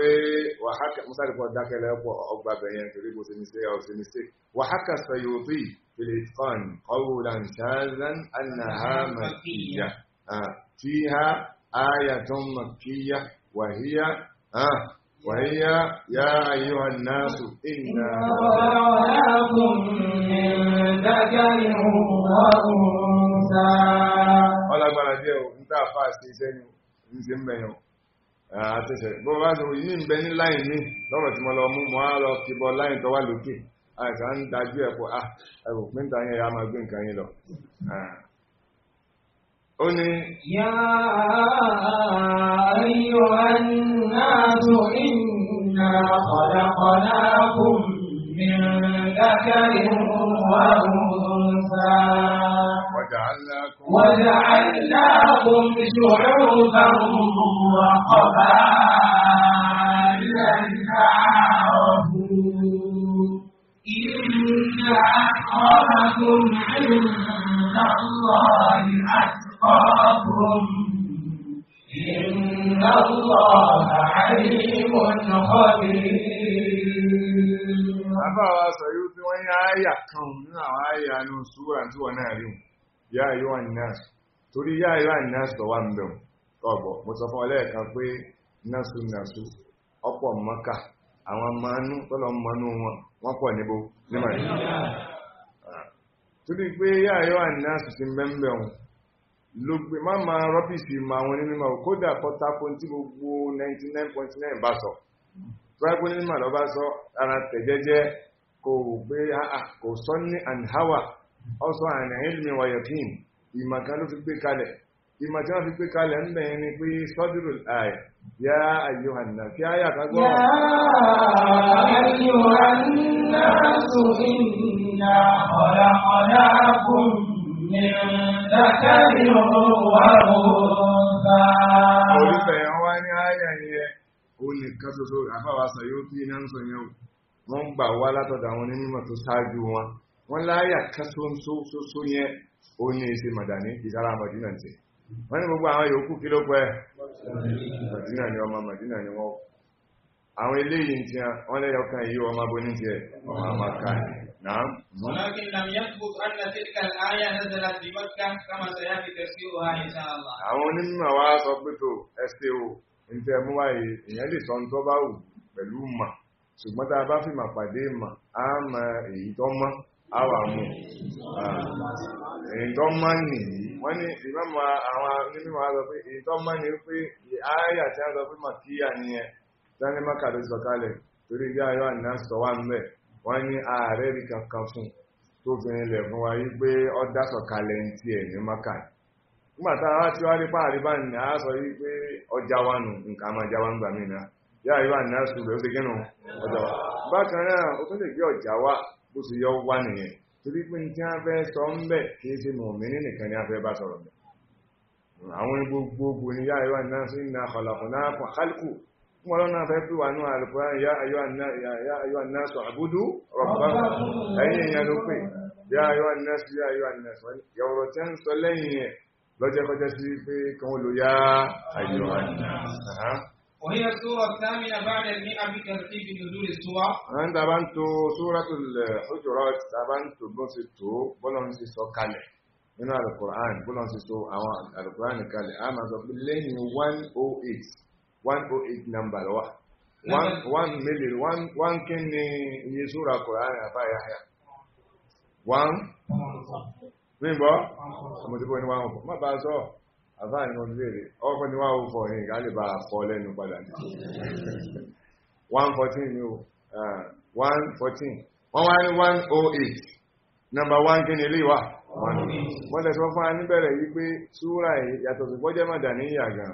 وحكى مثلا قد ذاك لا يقوى أبا بيان تريد سنستيك أو سنستيك وحكى السيوطي في الإتقان قولا شاذا أنها مكية فيها آية مكية وهي آه وهي يا أيها الناس إنا خلقناكم من ذكر وأنثى ọlágbára díẹ̀ o ń tàà fáà sí iṣẹ́ ni ń sí ń bẹ̀ yàn àtẹ́sẹ̀ bó bá sọ yìí ń bẹ ní láì ní lọ́rọ̀ tí mo lọ mú mọ́ á lọ kíbọ láì tọ́wà lókè àìsàn ń dájú ẹ̀pọ̀ ah ẹ̀rù pínta yẹn a máa gbé nǹkan yẹn lọ يا أيها الناس إنا خلقناكم من ذكر وأنثى وجعلناكم شعوبا وقبائل لتعارفوا إن أكرمكم عند الله أتقاكم ربكم إن الله عليم خبير àbáwá sọ̀rọ̀ tí wọ́n yá àyà kan nínú àwọn àyà ní ṣúra tí wọ́n náà rí yá yíwá nọ́ọ̀sì torí yá yíwá nọ́ọ̀sì lọ́wọ́ ń bẹ̀rù ọ̀bọ̀ mo sọ fún ọlẹ́ẹ̀kan pé nọ́ọ̀sù nọ́ọ̀sù ọ̀pọ̀ mọ́kà àwọn mọ́nú tọ́lọ mọ́nú wọn pọ̀ níbo nímọ̀ ah. torí pé yá yíwá ti lógbe má ma rọ́bìsì ma àwọn onímọ̀ kódà pọ́tàkó tí gbogbo 99.9 bá sọ tíwájú onímọ̀ lọ bá sọ ara tẹ̀jẹ́jẹ́ kò gbé kò sọ ní ọsọ àrìn ilmi wayakin ìmọ̀kan ló fi gbé kalẹ̀ wọ́n fi gbé kalẹ̀ ń bẹ̀yìn ni pé sọ́dúrù àì yá kí áyà من ذكر وأنثى olùfẹ́ wọn wá ní àyà yẹn ó nìkan ṣoṣo àfàwà sàyó tí iná ń sọ yẹn o wọ́n ń gbà wá látọ̀dọ̀ àwọn onímọ̀ tó ṣáájú wọn wọ́n láyà kásóńsóńsó yẹn ó ní ṣe màdàní ìdára màdínà tẹ̀ wọ́n ní gbogbo àwọn yòókù kí ló pẹ́ màdínà ni ọmọ màdínà ni wọ́n àwọn eléyìí tí wọ́n lẹ́yọ kan èyí ọmọ abọ́ ní ti ẹ̀ ọmọ àmàkà náà. walakin lam yathbut anna tilka al-aya nazalat bi Makkah kama sayati tafsiruha insha Allah. àwọn onímọ̀ wa sọ pé tó ẹsẹ̀ o ntẹ mú wáyé èèyàn lè sọ tó bá wù pẹ̀lú mà ṣùgbọ́n tá a bá fi mà pàdé mà á mọ èyí tó mọ́ á wà mú èyí tó mọ́ nìyí wọ́n ní ìmọ̀ àwọn onímọ̀ wa sọ pé èyí tó mọ́ ni pé àyà tí a sọ pé mà kíyà nìyẹn sani mákàdé sọ̀kalẹ̀ torí bí ayọ́ àná sọ wá mẹ́ wọ́n ní ààrẹ rí kankan tó fi fún wa yí pé ọ́dá sọ̀kalẹ̀ ń tiẹ̀ ní mákàdé nígbàtá wá tí wá rí páàrí bá ní sọ yí pé ọjà wà nù nǹkan máa ń gbà mí ayọ́ àná rẹ̀ ó ti bákan náà ó ọjà wa bó yọ wá nìyẹn torí pé ní sọ ń bẹ̀ kí ṣe a àwọn gbogbogbò sí náà wọn lọ́nà fẹ́ pí wà náà alùkùránì yá ayọ́ annáṣù àbúdú rọ̀bọ̀n ẹ̀yìn èèyàn ló pè yá ayọ́ annáṣù yá ayọ́ annáṣù yàwòrán tí a ń sọ lẹ́yìn sí pé kan وهي السورة الثامنة بعد المئة بترتيب نزول السور. أنت بنتو سورة الحجرات بنتو بنتو بنتو سوكالي nínú àlùkùránì bọ́lá ń sísọ àwọn àlùkùránì kalẹ̀ a máa sọ 108 108 number wa one one million one one kini sura Quran afa ya one ma afa ni mo bere o ni one for yin ba fo lẹ́nu padà ni 114 ni o ah one wọ́n wá number 1 kí ni ilé wà 108 wọ́n fún a níbẹ̀rẹ̀ yí pé súra yàtọ̀ sí fọ́jẹ́ ní ìyàgàn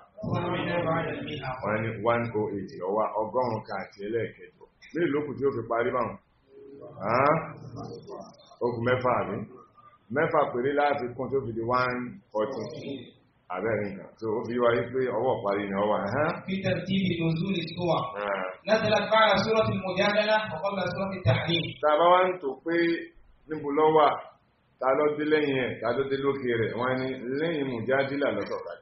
wọ́n ní one oh eight ọwá ọgọ́rùn-ún kan àti ẹlẹ́ẹ̀kẹjọ lè lókù tí ó fi parí báwọn okùn mẹ́fà àbí mẹ́fà péré láti kún tó fi di one fourteen abẹ́rẹ́ nǹkan tó ó fi wáyé pé ọwọ́ parí ni ọwọ́ ẹ̀hán. peter t b nozuli sowa látara fara sọ́rọ́ ti mọ̀jádálá ọ̀kọ́lá sọ́rọ́ ti tààrí. tàbá wá ń tò pé níbo lọ́wà ta ló dé lẹ́yìn ẹ̀ ta ló dé lókè rẹ̀ wọ́n ní lẹ́yìn mọ̀jádílà lọ́sọ̀kalẹ̀.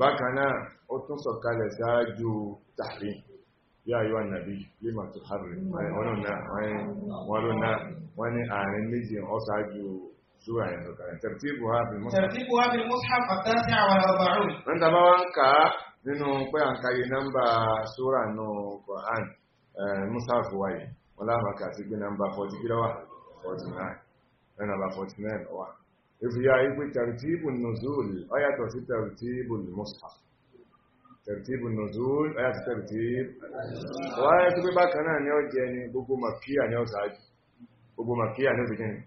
bákan náà ó tún sọ̀kalẹ̀ ṣáájú tahrim yá yíwá nàbí lima tó harri wọ́n ló náà wọ́n ní àárín méjì ọ̀ṣáájú súra yẹn sọ̀kalẹ̀ tẹ̀rẹ̀tìbù hábì mushaf àtàtì àwọn ọ̀bàrún. ń tàbá wá ń kà á nínú pé à ń kàyé nọ́mbà súra nù Qur'an mushaf wáyé wọ́n láwọn kà sí nọ́mbà ìfìyà ìpé tẹ̀rìtìbù nùzúl ọyàtọ̀ sí tẹ̀rìtìbù mushaf tẹ̀rìtìbù nùzúl ọyàtọ̀ tẹ̀rìtìbù wáyé tó pé bákan náà ni ó jẹ ni gbogbo màkíyà ni ó sáájú gbogbo màkíyà ni ó bìkíni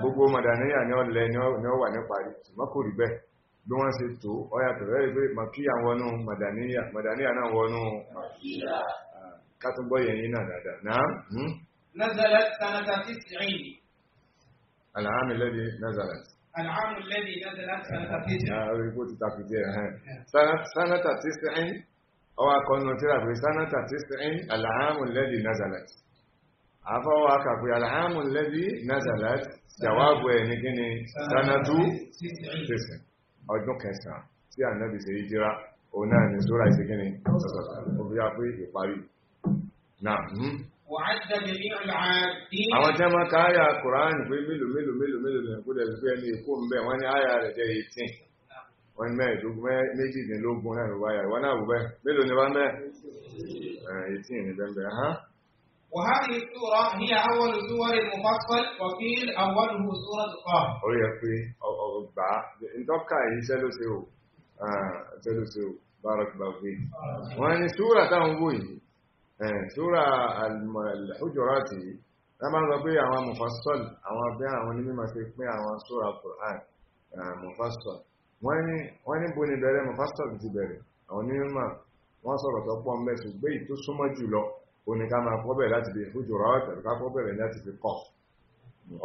gbogbo màdàníyà ni ó lẹ ni ó wà ní parí ṣùgbọ́n kò rí bẹ́ẹ̀ bí wọ́n ṣe tó ọyàtọ̀ rẹ̀ pé màkíyà wọnú màdàníyà náà wọnú kátúngbọ́ yẹn yín náà dáadáa náà. نزلت سنة 90 العام الذي نزلت العام الذي نزلت سنة تسع اه ريبوت تاكيتي اه سنة سنة تسع او اكون ترى في سنة تسع العام الذي نزلت عفوا اكو العام الذي نزلت جواب نكني سنة تسع ọdún kẹsàn-án tí ànábì ṣe ìjírá òun náà ní sóra ìṣẹ́gínní ọ̀sọ̀sọ̀ òbí apé ìparí náà àwọn tí a máa ka àyà Quran pé mélòó mélòó mélòó mélòó lẹ́nu wọ́n ní àyà rẹ̀ jẹ́ eighteen wọ́n ní mẹ́ẹ̀ẹ́dógún méjìdínlógún náà ló wá yà wọ́n ni وهذه السورة هي أول سور المفصل وقيل أوله سورة قاف. ó yẹ pé ọgbà ntọ́ka yìí sẹ́ló sí o sẹ́ló sí o bárakì bá fi wọ́n ní ṣúra al-Hujurati wọ́n máa ń sọ pé àwọn mufassal àwọn bí àwọn onímọ̀ ṣe pín àwọn ṣúra Qur'an mufassal wọ́n ní bo ni bẹ̀rẹ̀ mufassal ti bẹ̀rẹ̀ àwọn onímọ̀ wọ́n sọ̀rọ̀ tó pọ̀ mẹ́ ṣùgbẹ́ tó súnmọ́ jùlọ oníká máa kọ́ bẹ̀rẹ̀ láti fi Hujurat tàbí ká kọ́ bẹ̀rẹ̀ láti fi Qaf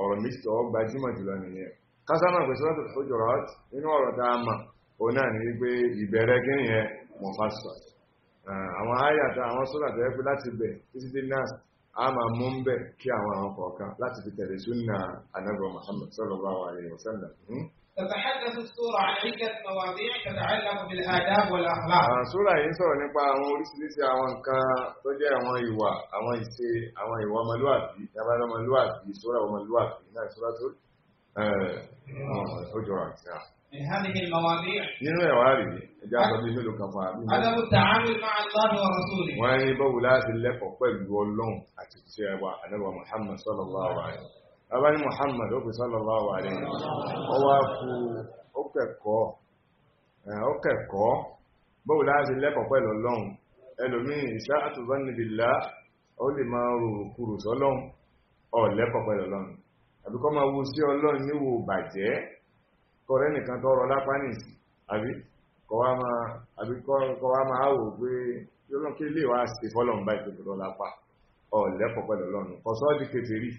ọ̀rọ̀ méjì tó gbajúmọ̀ jùlọ nìyẹn kásámà pèsè láti Hujurat nínú ọ̀rọ̀ tá a mọ̀ òun náà ní wípé ìbẹ̀rẹ̀ kí nìyẹn mufassal àwọn àyàtà àwọn sọ́là tó yẹ pé láti bẹ̀ títí dé nas a máa mú ń bẹ̀ kí àwọn àwọn kọ̀ọ̀kan láti fi tẹ̀lé súnà ànábì Muhammad sallallahu alaihi wasallam. تتحدث السورة عن عدة مواضيع تتعلق بالآداب والأخلاق. Súrà yìí sọ̀rọ̀ nípa àwọn oríṣiríṣi àwọn nǹkan tó jẹ́ àwọn ìwà, àwọn ìṣe, àwọn ìwà ọmọlúwàbí, yàrá ọmọlúwàbí, súrà ọmọlúwàbí, náà súrà tó ó àti àwọn nínú ẹ̀ wá rí ẹjá sọ bí mélòó kan fara nínú wọ́n ní bọ́wù láti lẹ́kọ̀ọ́ pẹ̀lú ọlọ́run àti iṣẹ́ wa àdẹ́wà Muhammad sallallahu alaihi bàbá ní Muhammad ó pè sallallahu alaihi ọ wá kú ó kẹ́kọ̀ọ́ bọ́wù láti lẹ́kọ̀ọ́ pẹ̀lú ọlọ́run ẹlòmíì ìṣáàtù zanni billah ó lè máa rò kúrò sọ́lọ́run ọ̀ lẹ́kọ̀ọ́ pẹ̀lú ọlọ́run àbíkọ́ máa wo sí ọlọ́run níwò bàjẹ́ kọrẹ́ nìkan tọrọ lápánis àbí kọwa máa àbí kọwa máa wò pé yọlọ́n kí ilé wa ṣe fọ́lọ́n bá ìpè lọ lápá ọ̀lẹ́kọ̀ọ́ pẹ̀lú ọlọ́run kọ̀sọ́ di kèfèrí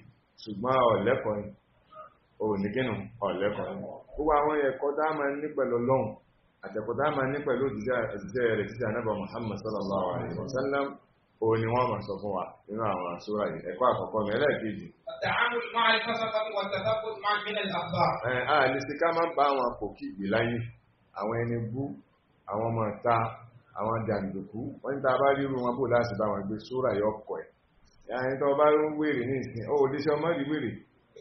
ṣùgbọ́n ọ̀lẹ́kọ̀ọ́ ni òníkínú ọ̀lẹ́kọ̀ọ́ ni gbogbo àwọn ẹ̀kọ́ tá a máa ní pẹ̀lú ọlọ́run àtẹ̀kọ́ tá a máa ní pẹ̀lú òjíṣẹ́ rẹ̀ títí ànábà Muhammad sallallahu alaihi wasallam ó ní wọ́n máa sọ fún wa nínú àwọn àṣúra yìí ẹ̀kọ́ àkọ́kọ́ ní ẹlẹ́ẹ̀kejì. àìlèsí ká máa ń bá àwọn àpòkí ìgbè láyé àwọn ẹni bú àwọn ọmọ ìta àwọn jàǹdùkú wọ́n ní tá a bá ríru wọn bò láti bá wọn gbé sóra yọ ọkọ̀ ẹ̀ yàrá tó bá ń wèrè ní ìsìn ó lè ṣe ọmọ rí wèrè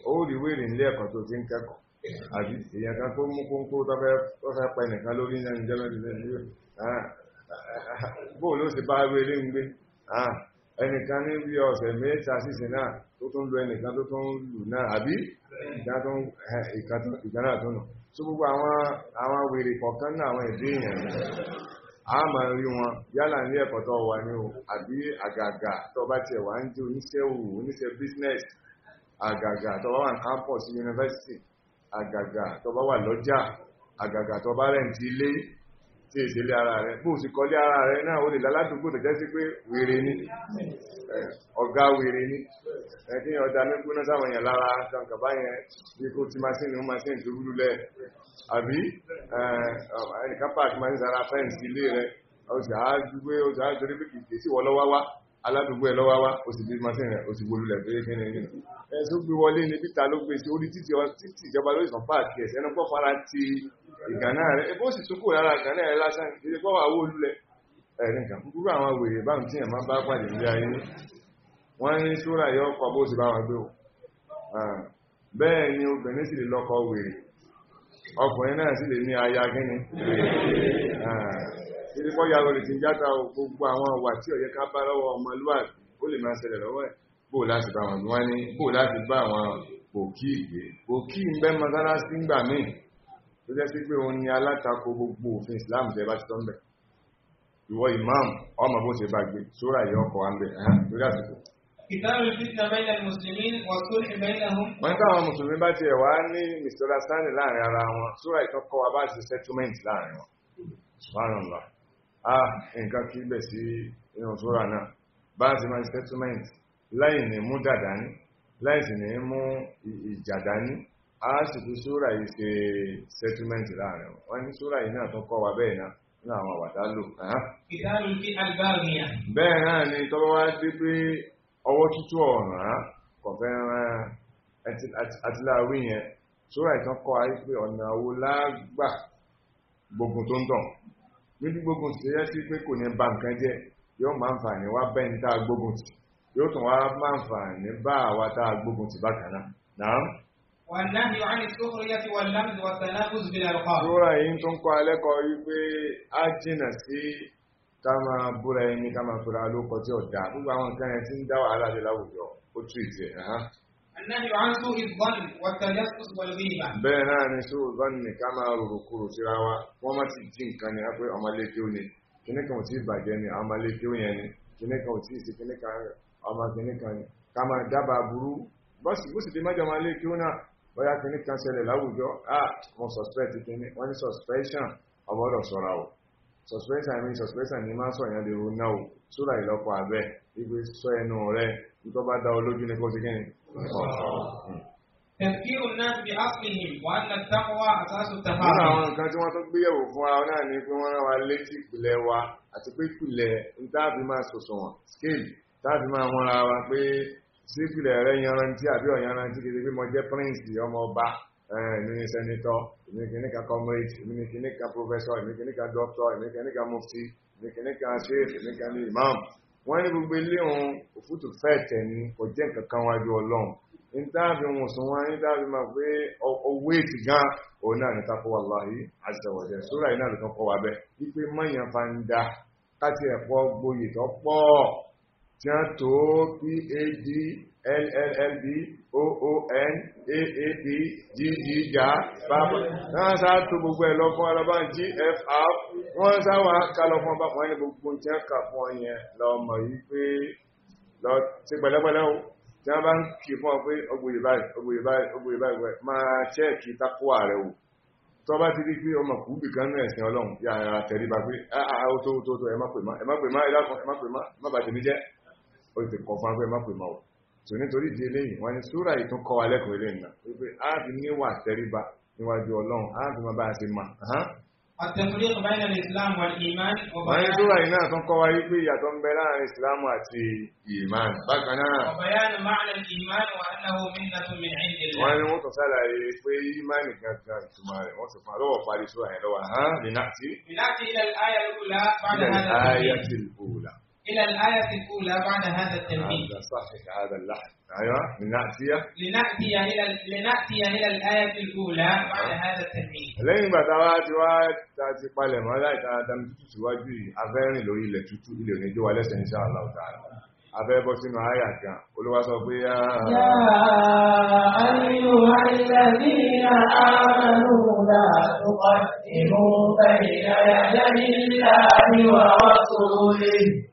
ó rí wèrè nílé ẹ̀kọ́ tó ti ń kẹ́kọ̀ọ́ àbí èèyàn kan tó mú kóńkó tó fẹ́ pa ẹnìkan lórí ní ẹni ẹnìkan ní bí ọ̀sẹ̀ mẹ́ta sísìn náà tó ń lọ ẹnìkan tó ń lù náà àbí ìkànnà tó nà tó gbogbo àwọn wèrè kọ̀ọ̀kan náà àwọn ìdí èèyàn a ma rí wọn yálà ní ẹ̀kọ́ tó wà ní o àbí àgàgà tó bá tiẹ̀ wà ń jẹ́ oníṣẹ́ òwò oníṣẹ́ business àgàgà tó bá wà ní campus university àgàgà tó bá wà ti tí èsì ara rẹ̀ bó sì kọlé ara rẹ̀ náà ó lè láládùúgbò tó jẹ́ sí pé wèrè ní ọ̀gá wèrè ní ẹ̀kí ọ̀dá mẹ́gbóná sáwọn èèyàn lára jọǹkàbá yẹn bí ti masíni ó masíni tó aládùúgbò ẹ̀ lọ́wọ́ wá ó sì bí mọ́sìn rẹ̀ ó sì gbólú pé kí ni nínú ẹ̀ tó wọlé ní bíta ló gbé sí orí títì ìjọba lórí páàkì ẹ̀sẹ̀ ẹnu pọ̀ ti ìgànnà rẹ̀ bó sì tún rárá ìgànnà rẹ̀ lásán ìdílé pọ̀ wà ẹ̀rìn kan níbi kọ́ yàrá olè ti ń játa o gbogbo àwọn ọ̀wà tí ó yẹ ká bá lọ́wọ́ ọmọlúwàbí ó lè máa ṣẹlẹ̀ lọ́wọ́ ẹ̀ bó láti bá wọn wá ní bó láti bá àwọn òkí ìgbé òkí ń mọ́sálásí ń gbà míì tó jẹ́ sí pé òun ni alátakò gbogbo òfin Islam tẹ́ bá ti tọ́ ń bẹ̀ ìwọ ìmáàmù ọmọ bó ṣe bá gbé sóra ìyá ọkọ̀ wa ń bẹ̀ lórí àsìkò. wọ́n táwọn mùsùlùmí bá tiẹ̀ wá ní mr stanley láàrin ara wọn sóra ìtọ́kọ̀ wa bá ti settlement láàrin wọn ah nǹkan kí bẹ̀ sí inú sóra náà bá ti máa settlement láì ní mú dàdá ní láì sì ní mú ìjàdá ní a sì fi sóra yìí ṣe settlement láàrin wọn ní sóra yìí náà tó kọ́ wa bẹ́ẹ̀ náà ní àwọn àwàdá lò. bẹ́ẹ̀ náà ni tọ́wọ́ wá dé pé ọwọ́ tútù ọ̀ràn kọ̀fẹ́ àtìláwí yẹn sóra ìtàn kọ́ ayé pé ọ̀nà wo lágbà gbogbo tó ń tàn níbi gbógun ti yẹ sí pé kò ní ba nǹkan jẹ́ yóò máa ń fààní wá bẹ́ẹ̀ tá a gbógun tì yóò tún wá máa ń fààní bá àwa tá a gbógun tì bákan náà náà. wàlámi wàá ní sókòrò yẹ ti wàlámi wà sàlá bùsùlẹ̀ àlùkò. sóra yìí tó ń kọ́ alẹ́ kọ wípé a jìnà sí ká máa búra ẹni ká máa fura lóko tí ọ̀dà gbogbo àwọn nǹkan yẹn ti ń dá wàhálà dé láwùjọ ó tú ìtì ẹ̀ النهي عن سوء الظن والتجسس والغيبة bẹ́ẹ̀ náà ni سوء الظن ká máa rorò síra wa wọ́n má ti jí nǹkan ni a pé ọmọlékí ó ni kíní kan ò tí ì bàjẹ́ ni ọmọlékí ó yẹn ni kíní kan ò tí ì sí kíní kan ọmọ kíní kan ni ká máa dábàá burú bọ́sì bó sì ti mẹ́jọ ọmọlékí ó náà bóyá kíní ṣẹlẹ̀ láwùjọ ah mo suspect kíní wọ́n ní suspension ọgbọ́dọ̀ sọ̀ra o suspension I mean suspension ni máa sọ ìyàn lè ro náà o súrà ìlọ́pọ̀ abẹ́ ibi sọ ẹnu rẹ̀ tó bá dá olójú ní kó sí kí ni. Tẹ̀kírù náà bí áfìlì wà ní táwà àtàṣù tàbí. Nínú àwọn nǹkan tí wọ́n tó gbéyẹ̀wò fún wa náà ni pé wọ́n rán wa létí ìpìlẹ̀ wa àti pé ìpìlẹ̀ ń táàbí máa sọ̀sọ̀ wọn scale táàbí máa wọ́n ra wa pé sí ìpìlẹ̀ rẹ̀ yanrantí àbí ọ̀yanrantí kìí pé mo jẹ́ prince ọmọ ọba èmi ni senator èmi ni kìíní ka comrade èmi ni kìíní ka professor èmi ni kìíní ka doctor èmi ni kìíní ka mufti èmi ni kìíní ka sheikh èmi ni kìíní ka imam wọ́n ní gbogbo ilé ofutu òfútù fẹ́ẹ̀tẹ̀ ni kò jẹ́ wájú ọlọ́run ní táàbí wọn sùn wọn ní máa pé owó ètì gan òun náà ní tako wàláhí àṣẹwọ̀ṣẹ sóra iná ló kọ́kọ́ wà wípé ń LLLBOONAABGG gà bàbá náà sáà tó gbogbo ẹ̀ lọ fún ọlọ́bà GFR wọ́n sáwà kálọ fún ọba fún ẹni gbogbo tí wọ́n kà fún ọyẹn lọ́mọ yìí pé lọ sí pẹ̀lẹ́pẹ̀lẹ́ o tí wọ́n bá ń kì fún ọ pé ọgbòyè báyìí ọgbòyè báyìí ọgbòyè báyìí wẹ̀ máa ṣẹ́ẹ̀kì takuwa rẹ o tó bá ti rí pé ọmọ kùúbì kan náà ẹ̀sìn ọlọ́run yà á tẹ̀lé bá pé ó tó tó tó ẹ má pè má ẹ má pè má ẹ dákun ẹ má pè má má bàtẹ́ mi jẹ́ ó ti kọ̀ fún akpẹ́ má pè má o tò nítorí di eléyìí wọ́n ní súrà ìtún kọ́ wa lẹ́kọ̀ọ́ eléyìí náà wípé a fi níwà tẹríba níwájú ọlọ́run a fi máa bá a ti mà. wọ́n ní súrà yìí náà tún kọ́ wa wípé ìyàtọ̀ ń bẹ láàrin ìsìlámù àti ìmán bákan náà. wọ́n ní wọ́n tún sálàyé pé ìmánì gangan ìtumọ̀ rẹ̀ wọ́n sì fún alọ́wọ́ lọ́wọ́ hàn nínú àti. إلى الآية الأولى بعد هذا التنبيه صحيح هذا اللحن، أيوه لنأتي لنأتي إلى لنأتي إلى الآية الأولى بعد أيوة. هذا التنبيه لين بدأت وقت تأتي قلم ولا تأتم تتواجه أفهم لو إلى تتو إلى نجو ولا إن شاء الله تعالى. أبي بسنا آية كان قل وصفيا يا أيها الذين آمنوا لا تقدموا بين يدي الله ورسوله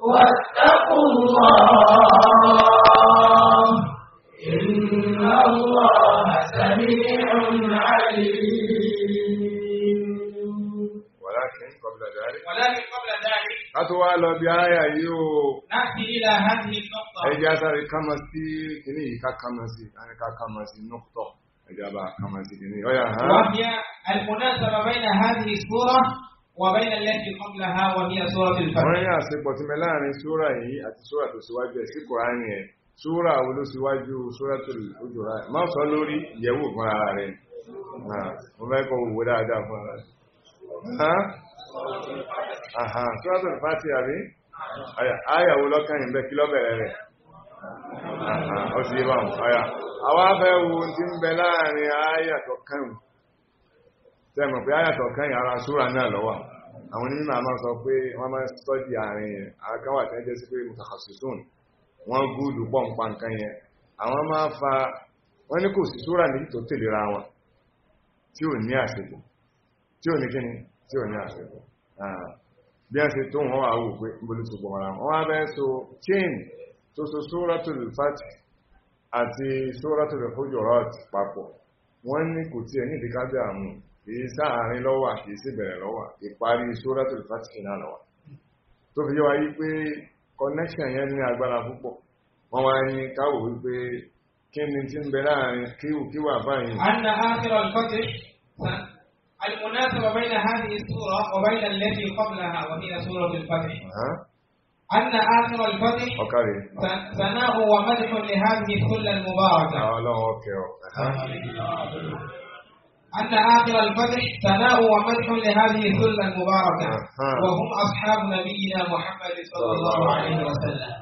واتقوا الله إن الله سميع عليم ولكن قبل ذلك ولكن قبل ذلك أتوا بآية يو نأتي إلى هذه النقطة إجازة كمسي كني كمسي أنا يعني كمسي نقطة إجابة كمسي كني وهي المناسبة بين هذه السورة وبين التي قبلها وهي سورة الفتح. wọ́n yà àṣepọ̀ tí mẹ láàrin súrà yìí àti súrà tó síwájú ẹ̀ sí kòránì ẹ̀ súrà wo ló síwájú súrà tó lójú rẹ̀ má sọ lórí ìyẹ̀wò fún ara rẹ̀ mo fẹ́ owó dáadáa fún ara rẹ̀. súrà tó lọ́kàn tẹ́mọ̀ pé ayàtọ̀ kan yàrá súra náà lọ́wà àwọn onímọ̀ àmá sọ pé wọ́n máa sọ́dí àárín yẹn tẹ́ jẹ́ sí pé wọ́n gúdù pọ̀ nǹpa nǹkan yẹn àwọn máa fa wọ́n ní kò sí súra méjì tó tẹ̀lera wọn tí ò ní tí ò ní tí ò ní ah, a ṣe tó wọn wà wò pé tó ara wọn so so àti kìí sáàrin lọ́wà kìí sí bẹ̀rẹ̀ lọ́wà ìparí suratul Fatihi náà lọ́wà tó fi yọ wáyé pé connection yẹn ní agbára púpọ̀ wọ́n wá ní káwò wípé kí ni tí ń bẹ láàrin kíwù kíwà báyìí. anna akhir al-Fatih al-munasaba bayna hadhihi as-sura wa bayna allati qablaha wa hiya suratul Fatih. أن آخر الفتح ثناء ومدح لهذه السلة المباركة. أوكي أوكي. أن آخر الفتح ثناء ومدح لهذه الثلة المباركة وهم أصحاب نبينا محمد صلى الله عليه وسلم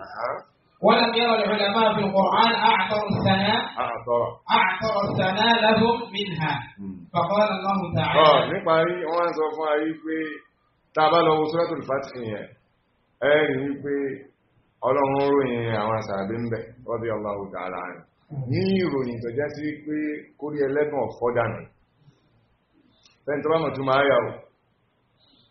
ولم يرى العلماء في القرآن أعطر الثناء أعطر الثناء لهم منها فقال الله تعالى آه نقاري وأنا سوف أعرف تابع له سورة ọlọ́run ròyìn àwọn àṣàbí ń bẹ̀ rọ́bí ọlọ́run tààrà rẹ̀ ní ìròyìn tó sí pé kórí ẹlẹ́gàn ọ̀fọ́dànù fẹ́ni tó bá mọ̀ tó máa yà ó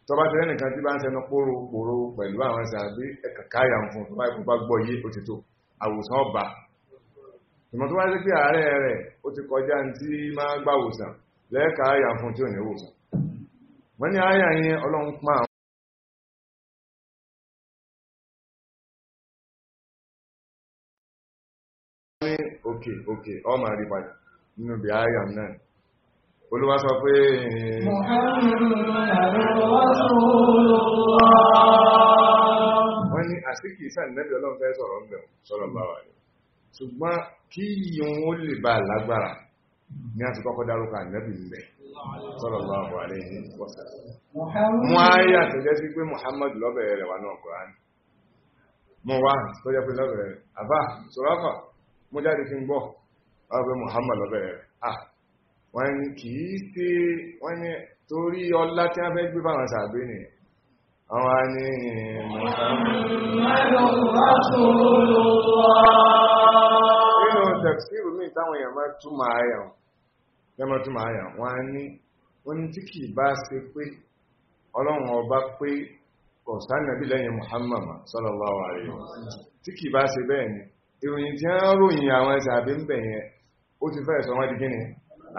tó bá tẹ́lẹ̀ nìkan tí bá ń sẹnu pòrò pòrò pẹ̀lú àwọn sàbí ẹ̀kà káyà fún tó bá ikú bá gbọ́ yé ó ti tó àwòsàn ọba ìmọ̀ tó wá sí pé ààrẹ rẹ̀ ó ti kọjá tí máa gbà lẹ́ẹ̀kà àyà fún tí ò ní wòsàn wọ́n bí àyà náà olúwa sọ pé wọ́n ní àsìkì ìsànlẹ́bí ọlọ́run fẹ́ sọ̀rọ̀ ńbẹ̀ sọ̀rọ̀ bá wà ní ṣùgbọ́n kí yíò ó lè bá lágbára ní àti kọ́kọ́ dárúkọ ànẹ́bì ńbẹ̀ sọ̀rọ̀ bá wà ní wọ́sà Muhammad lọ́bẹ̀ẹ́ rẹ̀ wà náà Kùránì mú wá tó jẹ́ pé lọ́bẹ̀ẹ́ rẹ̀ àbá sọ̀rọ̀ àfà Muhammad ah wọ́n ní kì í ṣe wọ́n ní torí ọlá tí wọ́n fẹ́ gbé báwọn sàgbé ni àwọn ni nínú tẹ̀síìrù míì táwọn èèyàn máa túmọ̀ ayà wọ́n túmọ̀ ayà wọ́n ní oní tí kì í bá ṣe pé ọlọ́run ọba pé ọ̀sánàbí lẹ́yìn Muhammad sallallahu alaihi wasallam tí kì bá ṣe bẹ́ẹ̀ ni ìròyìn tí a ń ròyìn àwọn ẹsẹ̀ àbí ń bẹ̀yẹn ó ti fẹ́ sọ wọ́n di gíní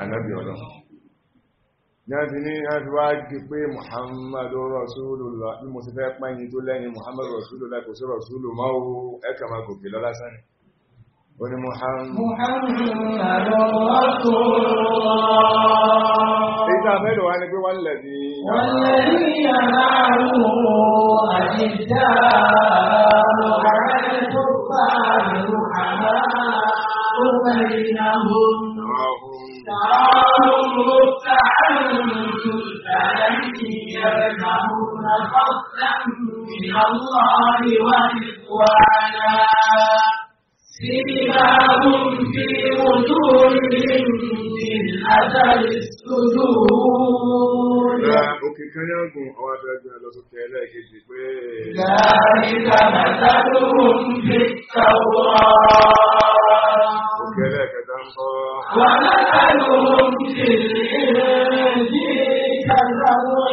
ànábì ọlọ́run yáàfi ní yáàfi wá di pé muhammadu rasulullah bí mo ti fẹ́ pẹ́yìn tó lẹ́yìn muhammadu rasulullah kò sí rasulu máa wo ẹ̀kà máa gòkè lọ lásán ó ní muhammadu rasulullah èyí tá a fẹ́ lò wá ní دعاهم فأنتم فأنتي يبتغون فضلا من الله ورضوانا سيماهم في وجوههم من أثر السجود òkè kan yá gùn àwọn abẹ́gbẹ́ lọ́sọ̀tò ẹlẹ́ẹ̀kejì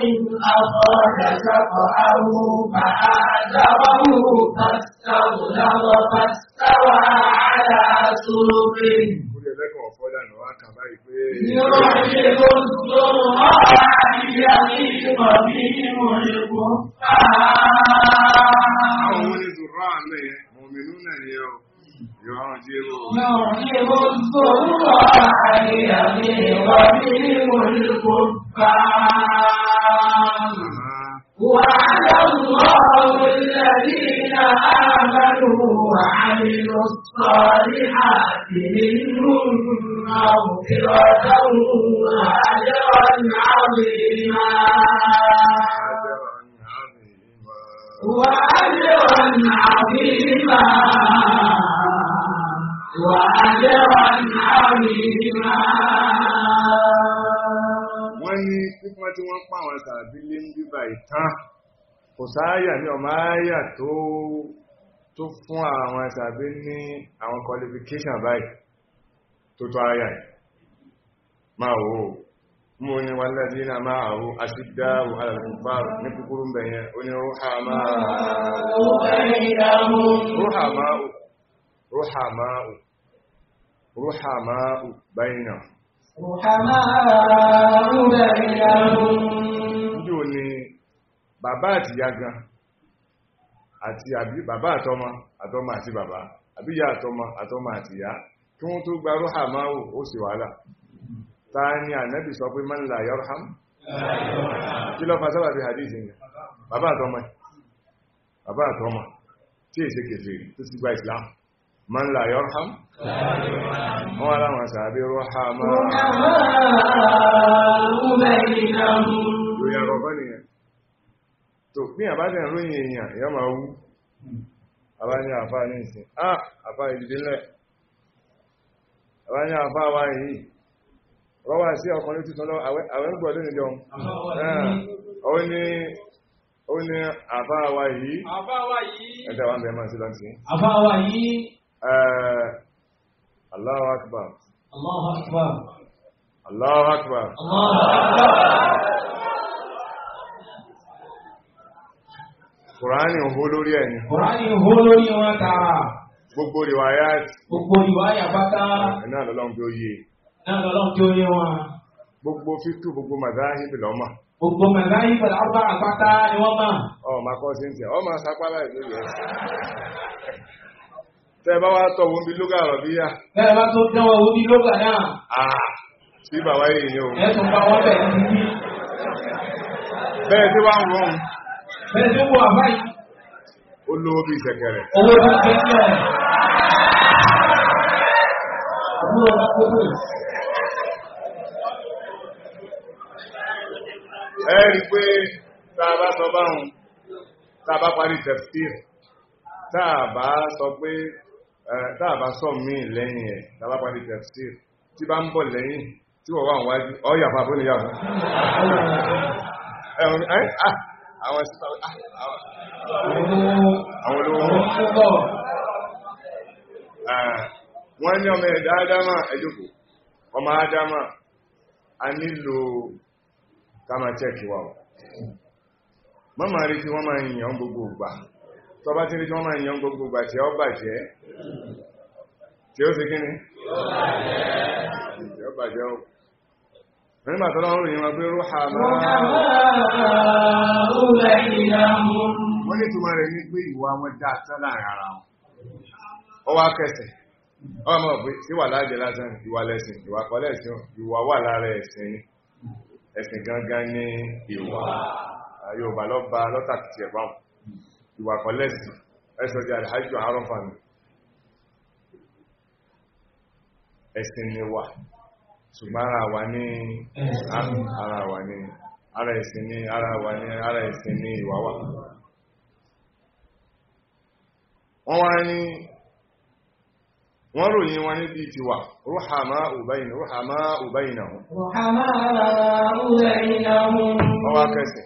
إن أخرج شفعه فآدره فاستغلظ فاستوى على سوقه يرحب الزرع يغيظ بهم الكفار. àwọn onídùúrà náà mọ̀mìnú náà ni ọ́. يعجب الضراع وبه الكفار وعلى الله الذين آمنوا وعملوا الصالحات منهم مغفرة وأجرا عظيما وأجرا عظيما Wọ́n ní pípọ́n tí wọ́n pa àwọn tàbí lé ń bíbà ìtàn, kò sááyà ní ọmọ áyà tó fún àwọn tàbí ní àwọn qualification báyìí tó tó áyà. Máa wò ó, mú ní wà láti ní àmá àwọ aṣídáwò alàkùnfààrù ní kúkúrú bẹ̀yẹn, ó ní rúhà máa رحماء بينهم رحماء بينهم yóò ní bàbá àti ìyá gan àti àbí bàbá àtọmọ àtọmọ àti bàbá àbí ìyá àtọmọ àtọmọ àti ìyá kí wọ́n tó gba ruhamau ó sì wàhálà ta ni ànábì sọ pé man la yarham kí ló fa sábàbí hadithi ni bàbá àtọmọ bàbá àtọmọ tí èsè kèfèrè tó gba islam man la yarham wọ́n aláwọn àṣàbí rọ́hà máa ròyìn àkọ́kọ́ nìyàn tó bí àbájẹ̀ ròyìn èèyàn yọ máa wú àbájẹ̀ àfá ní ìsìn ah àfá ìdílẹ̀ àbájẹ̀ àfá ó ní wá yìí bẹ̀rẹ̀ máa sí lọ́nà sí yìí Allahu Akbar. Allahu Akbar. Allahu Akbar. Allahu Akbar. Kùránì ń hó lórí ẹni. Kùránì ń hó lórí wọn tààrà. Gbogbo ìwàyà. Gbogbo ìwàyà pátá. Iná lọ́lọ́run tó yé. Iná lọ́lọ́run tó yé wọn. Gbogbo fíkú gbogbo màdáhìbì lọ́mà. Gbogbo màdáhìbì lọ́mà pátá ni wọ́n mà. Ọ̀ máa kọ́ sí ń tẹ̀, ọ máa sapá láì lórí ẹ̀ tẹ́ bá wá tọ̀ wọ́n bí lóga rọ̀ bí yá. bẹ́ẹ̀ bá tó dán wọn wọ́n bí lóga náà. àà sí bàbá yìí yẹn o. ẹ̀sùn bá wọ́n bẹ̀ ní bí. bẹ́ẹ̀ tí wàá pé tá sọ báwọn tá parí tẹ̀síìrì tá sọ pé táàbà sọ míì lẹ́yìn ẹ̀ tábàpàdé tẹ̀sí tí bá ń bọ̀ lẹ́yìn tí wọ́n wà wájú ni àwọn àwọn olówó wọ́n ní ọmọ ẹ̀dá ádámà ẹjọ́kù ọmọ ádámà a nílò wà máa rí wọ́n máa gbogbo tọba tí rí jọmọ èèyàn gbogbo bàjẹ́ ọ bàjẹ́ tí ó sì kí ni ọ bàjẹ́ ọ nígbà tó lọ́rùn yìí wọn pé rúhà máa wọ́n ní túnmọ̀ rẹ̀ ní pé ìwà wọn dá tán láàrin ara wọn ó wá kẹsẹ̀ ó wá mọ̀ pé sí wà láàjẹ́ lásán ni ẹ̀sìn gangan ní ìwà Yorùbá ìwà pọ̀lẹ́sì ẹsọ̀ di àdájọ́ àárọ̀fà ní ẹ̀sìn ni wà ṣùgbọ́n ara wà ní ara wà ara ẹ̀sìn ni ara wà ní ara ẹ̀sìn ni ìwà wà wọ́n wá ní wọ́n ròyìn wọn níbi ti wà rúhàmá rúhàmá wọ́n wá kẹsẹ̀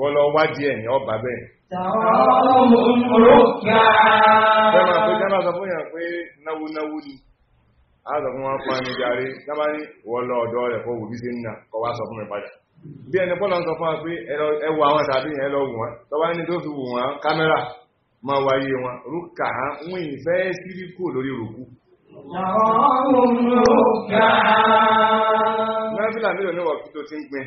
wọ́n lọ wádìí ẹ̀ ní ọba bẹ́ẹ̀. Bẹ́ẹ̀ni àpé Jábá sọ fún yàn pé náwó náwó ni. A sọ fún wọ́n lọ ọ̀dọ́ rẹ̀ òbí nà kọ́ wá sọ fún mi padà. Bí ẹni bọ́lá ń sọ fún wa pé ẹ àwọn tàbí yẹn lọ ní tó fi wù kámẹ́rà máa wáyé wọn. Rúkà á ń lórí ni wọ́n fi tó ti ń gbin?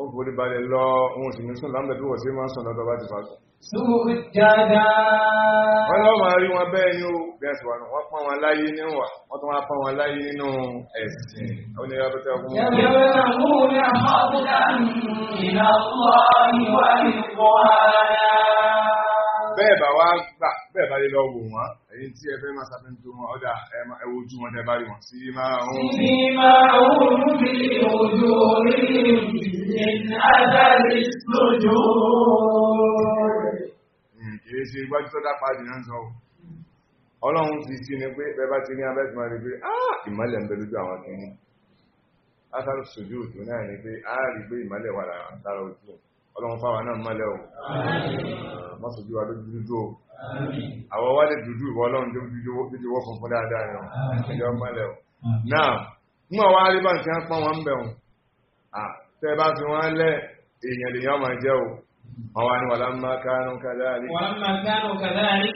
ó forí balẹ̀ lọ ohun sì ní lámbẹ̀ bí wọ́n sí máa ń sùn lọ́tọ́ bá ti fa sùn. Súnmù bẹ́ẹ̀ bá wá gbà bẹ́ẹ̀ bá lè lọ wò wọ́n ẹ̀yin tí ẹ fẹ́ máa ṣàfihàn tó wọn ọ̀dà ẹ wojú wọn tẹ bá rí wọn. sí máa ń rún. sí máa ń rún mi ojú orí mi adárí lójú. Hmm, kìí ṣe iwájú tó dápá jù náà sọ o ọlọ́run ti sí ni pé bẹ́ẹ̀ bá ti ní abẹ́tí máa rí pé ah, ìmọ̀lẹ̀ ń bẹ lójú àwọn kìíní. látàrí sojú òtún náà ni pé a ah, rí pé ìmọ̀lẹ̀ wà lára ojú òtún ọlọ́run fáwà náà mọ́lẹ̀ o má fojú wa lójú dúdú o àwọ̀ wálé dúdú ìwọ ọlọ́run tó dúdú wọ́ funfun dáadáa rẹ̀ ẹjọ́ mọ́lẹ̀ o náà mú àwọn arígbà tí wọ́n pọ́n wọn ń bẹ̀ wọn tẹ́ bá fi wọ́n lẹ́ èèyàn lèèyàn máa jẹ́ o àwọn ni wàlá máa kánú kàdáàrí wọ́n máa kánú kàdáàrí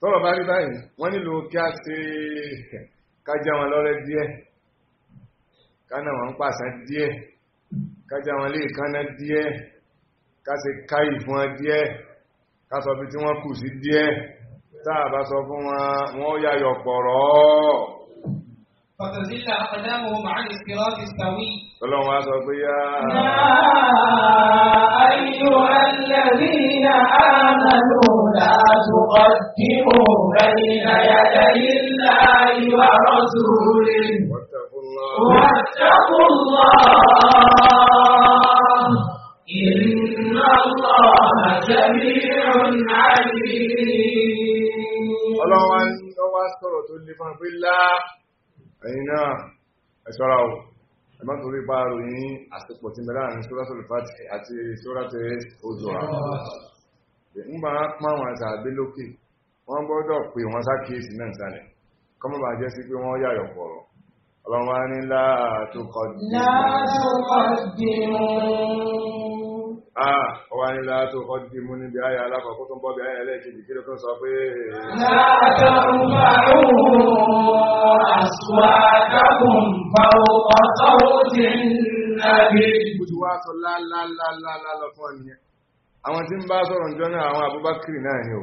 tọ́rọ̀ bá rí báyìí wọ́n nílò kí a ṣe kájá wọn lọ́rẹ́ díẹ̀ kánà wọn pàṣẹ díẹ̀ kájá wọn lè kánà díẹ̀ káṣe káyì fún wọn díẹ̀ kásọ bí tí wọ́n kù sí díẹ̀ táà sọ fún wọn wọ́n yáyọ̀ pọ̀rọ̀ فتزل أقدامهم عن الصراط السوي اللهم صل يا أيها الذين آمنوا لا تقدموا بين يدي الله ورسوله واتقوا الله إن الله سميع عليم. Ọlọ́run wa ń sọ̀rọ̀ ẹ̀yin náà ẹ̀ṣọ́ra o ẹ̀mọ́ torí pa ròyìn àsopọ̀ ti mẹ́lá ní sóràtòlù fàtì àti sóràtò òzòrà ńgbà pàwọn àtàbí lókè wọ́n gbọ́dọ̀ pé wọ́n sákèésì náà sálẹ̀ kọ́mọ́ bá jẹ́ Ah, ọwá ní látò kọ́ di mú níbi ayà alákọ̀ọ́kọ́ tó ń bọ́ bí ayà ẹlẹ́ẹ̀kejì kí ló tó ń sọ pé àwọn tí ń bá sọ̀rọ̀ jọ náà àwọn Abubakar náà ni o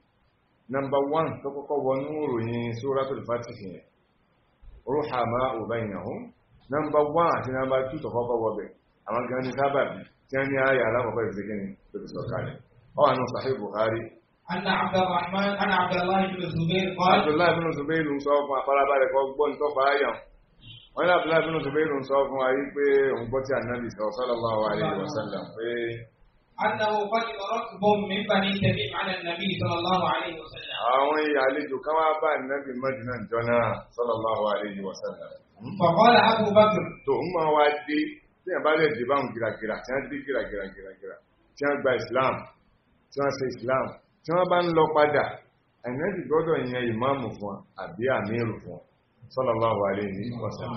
nọmba wán tó kọ́kọ́ wọnú ròyìn suratul Fatihi yẹn ruhamau bainahum nọmba wán àti nọmba tú tó kọ́kọ́ wọbẹ̀ àwọn gan ní sábàbí tí wọ́n ní ayé alákọ̀ọ́kọ́ ìfẹ́kẹ́ni tó ti sọ kalẹ̀ ọ wà nù Sahih Bukhari أن عبد الرحمن أن عبد الله بن الزبير قال عبد الله بن الزبير ń sọ fún àpárabàrẹ̀ kọ́ gbọ́n tó fàáyàn wọ́n ní Abdullahi bin Zubair ń sọ fún ayé pé òun gbọ́ sallallahu alaihi wasallam pé أنه قدم ركب من بني تميم على النبي صلى الله عليه وسلم. àwọn يا kan wá bá nàbì mọ́dínà jọ́nà صلى الله عليه وسلم. فقال أبو بكر. tòun وادي. wá dé tí yẹn bá lè dé báwọn gíragíra tí wọ́n dé gíragíra gíragíra tí wọ́n gba Islam tí wọ́n ṣe Islam tí wọ́n bá ń lọ padà àìnáàdì gbọ́dọ̀ yan ìmáàmù fún àbí àmírù fún صلى الله عليه وسلم.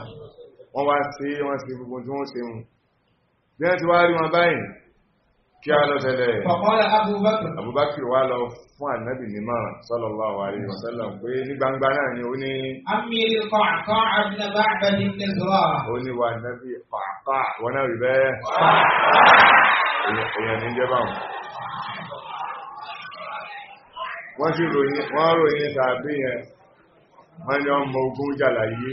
wọ́n wá sí wọ́n sí gbogbo tí wọ́n ṣe mú bí wọ́n ti wá rí wọn báyìí kí a lọ tẹ́lẹ̀ abubakar wà lọ fún ànábì mímọ̀ sallallahu alaihi wasallam pé ní gbangba náà ni ó ní amírí kọ̀ọ̀kọ́ àbínàbá àbẹ́bí tẹ́sọ́wà ó ní wà nábì kọ̀ọ̀kọ́ wọ́n náà rí bẹ́ẹ̀ èèyàn ní jẹ́ báwọn wọ́n sì ròyìn tàbí yẹn wọ́n ní ọmọ ogun jàlá yìí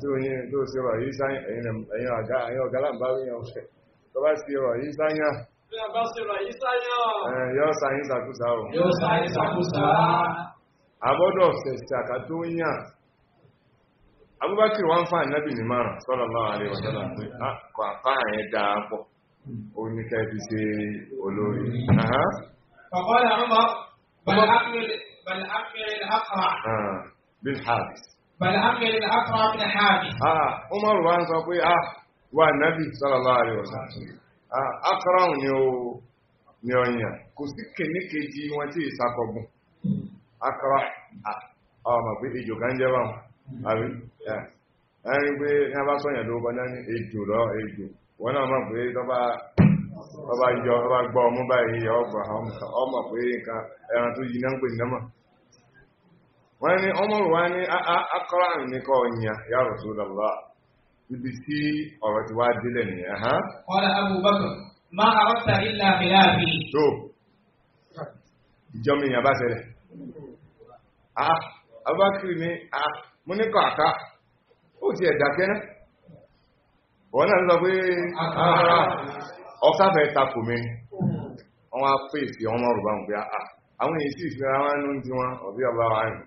သူရင်သူဆိုတော့ရေးဆိုင်အင်းအင်းကအင်းကလမ်းဘာဝင်အောင်ဆက်တော့စီရောရေးဆိုင်ရ yóò sáyé o. Bàlámẹ́lì àtọ́ àmì hàmì. Ah, Umaru wa ń sọ ah, wa nàbì sallallahu alaihi wasallam. Ah, akọ́rọ̀hùn ni ó ní ọ̀yàn, kò sí kìíní kejì wọn tí ìsakọ̀gùn. Akọ́rọ̀ ah, ọmọ pé ìjò kan jẹ́ bá wọn, àbí? Ẹni pé ní a bá sọ̀yàn ló bọ́ náà ní ọba ọba báyìí ọgbà ọmọ pé nǹkan ẹran tó yí náà ń pè ní wọ́n ní Umar akọrọ ní akọ́rọ̀ nìkọ́ ọ̀yà ya Rasulullah ibi tí ọ̀rọ̀ ti wá délẹ̀ ní Abubakar ilà tó bá Abubakar ní àká ó ti ẹ̀dá kẹ́ná wọ́n náà lọ pé ah, ah, ah, ọ̀sáfẹ́ takò mi wọ́n wá pèsè ọmọ Yorùbá wọn pé àwọn èyí sì fi ara wọn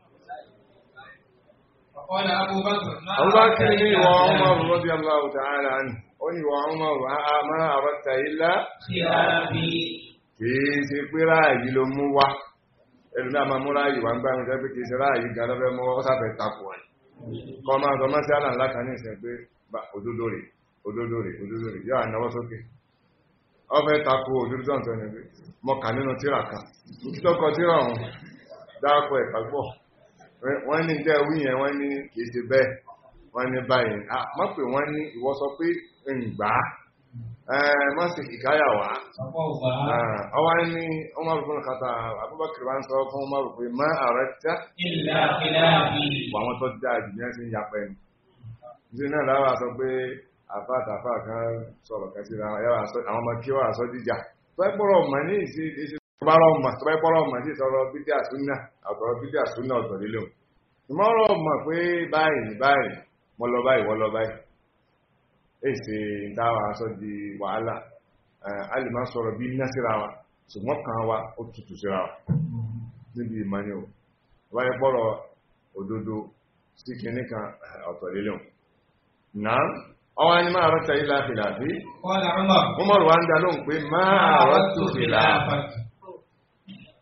abubakar ní ìwà ọmọ rọ́bí aláwọ̀ tààrà ní ó ní ìwà ọmọ rọ́ a máa àbáta ilá kìí ṣe pé ráàyí ló mú wá ẹlùmí àmà mú ráàyí wà ń gbá ẹ̀rùn tẹ́bí kìí ṣe ráàyí ga lọ́fẹ́ mọ́ wọ́n sáfẹ́ tapọ̀ ẹ̀ kọ́ máa sọ máa sí wọ́n ní jẹ́ wí yẹn wọ́n ní kìí ṣe bẹ́ẹ̀ wọ́n ní báyìí mọ́ pé wọ́n ní ìwọ sọ pé ǹgbà mọ́ sí ìkáyà wá ọwá ní ọmọ rúfún kàtà Abubakar bá ń sọ fún ọmọ rúfún mọ́ ààrẹ tíá wọ́n tó dá ìgbìyàn sí yapa ẹni nítorí náà láwà sọ pé àfà àtàfà kan sọ̀rọ̀ kẹsìlá àwọn ọmọ kí wà sọ jíjà pẹ́pọ̀rọ̀ mọ̀ tọbárọ ọmọ tọbẹ́pọ́rọ ọmọ sí ìtọrọ bídí bidi àtọrọ bídí àsúnà ọ̀tọ̀ lílò ìmọ́rọ̀ ọmọ pé báyìí báyìí mọ́ lọ báyìí wọ́ lọ asọ di wahala a lè bi sọ̀rọ̀ wa ṣùgbọ́n kan wa ó tutù síra wa níbi ìmọ̀ni o tọbẹ́pọ́rọ òdodo sí kìíní kan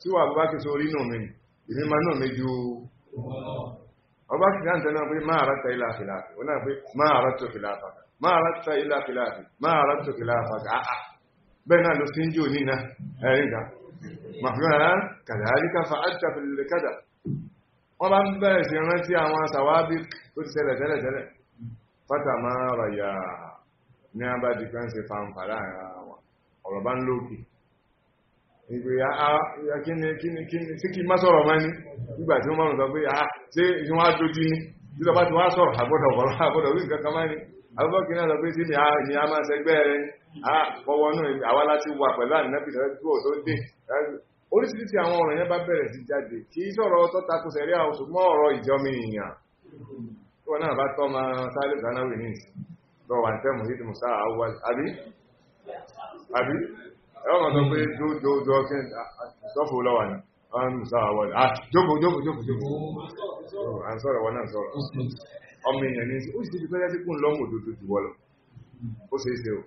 tí wà bá kí sórí nù mí ìmí ma nù mí ju ọba kì náà tẹ́lá pé máa rátà ilá fìláàfì ó náà pé máa rátà fìláàfàkà máa rátà ilá fìláàfì máa rátà fìláàfàkà àà bẹ́ẹ̀ náà ló sí ń jò ní náà ẹ̀rí máa rọ̀ yà ní ọ̀rọ̀ bá ń lókè ìgbè àà kíni kíni kíni sí kí má sọ̀rọ̀ máa ní nígbà tí wọ́n márùn sọ pé àà tí wọ́n á dojú ní títọ́bá tí wọ́n á sọ̀rọ̀ àgbọ́dọ̀ ọ̀rọ̀ àgbọ́dọ̀ orí nǹkan kan máa ní àbúkọ́kì náà sọ pé sí ni ah, a máa sẹgbẹ́ rẹ àà fọwọ́ ah, náà àwa láti wà pẹ̀lú ànínábì tó dé oríṣiríṣi àwọn ọ̀rọ̀ yẹn bá bẹ̀rẹ̀ sí jáde kì í sọ̀rọ̀ tó takò sẹ̀rí àwọn ṣùgbọ́n ọ̀rọ̀ ìjọmi èèyàn tó náà bá tọ́ ma sáré ìdánáwì ní ìsìn lọ́wọ́ àti tẹ́mù hídìmù sáà àwọn àbí ẹwọ́ mọ̀ sọ pé dódódó kí sọ́fò lọ́wà ní ọmọ sáà wọ́n jókòó jókòó jókòó jókòó à ń sọ̀rọ̀ wọn náà sọ̀rọ̀ ọmọ èèyàn ní ó sì ti fẹ́ lẹ́sí kún lọ́mù òdodo jù wọ́lọ̀ ó ṣe é ṣe o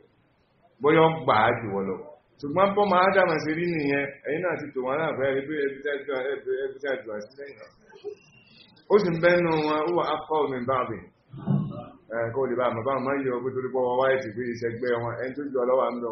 bóyá ó gbà á jù wọ́lọ̀ ṣùgbọ́n bọ́ máa dàmà sí rí nìyẹn ẹ̀yin náà ti tò wọn náà fẹ́ rí bí ẹbí tẹ́ jù àti lẹ́yìn náà ó sì ń bẹ́nu wọn ó wà á kọ́ omi báàbì kó lè bá àmọ́ báwọn máa yọ pé torí bọ́ wọn wáyé ti gbé iṣẹ́ gbé wọn ẹni tó jù ọlọ́wà ń lọ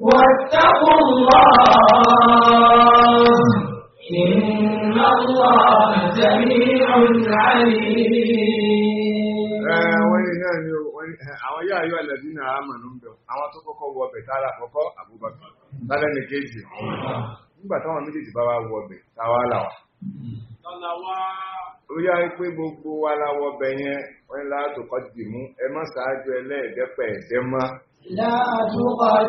واتقوا الله إن الله سميع عليم àwọn yáà yọ ẹlẹ́bí náà á mọ̀nà ń àwọn tó kọ́kọ́ wọ ọbẹ̀ àkọ́kọ́ lálẹ́ ní nígbà táwọn méjèèjì bá wà wọ ọbẹ̀ táwa làwà ó yá gbogbo wa láwọ ọbẹ̀ yẹn wọ́n dì mú ẹ má ṣáájú Ah,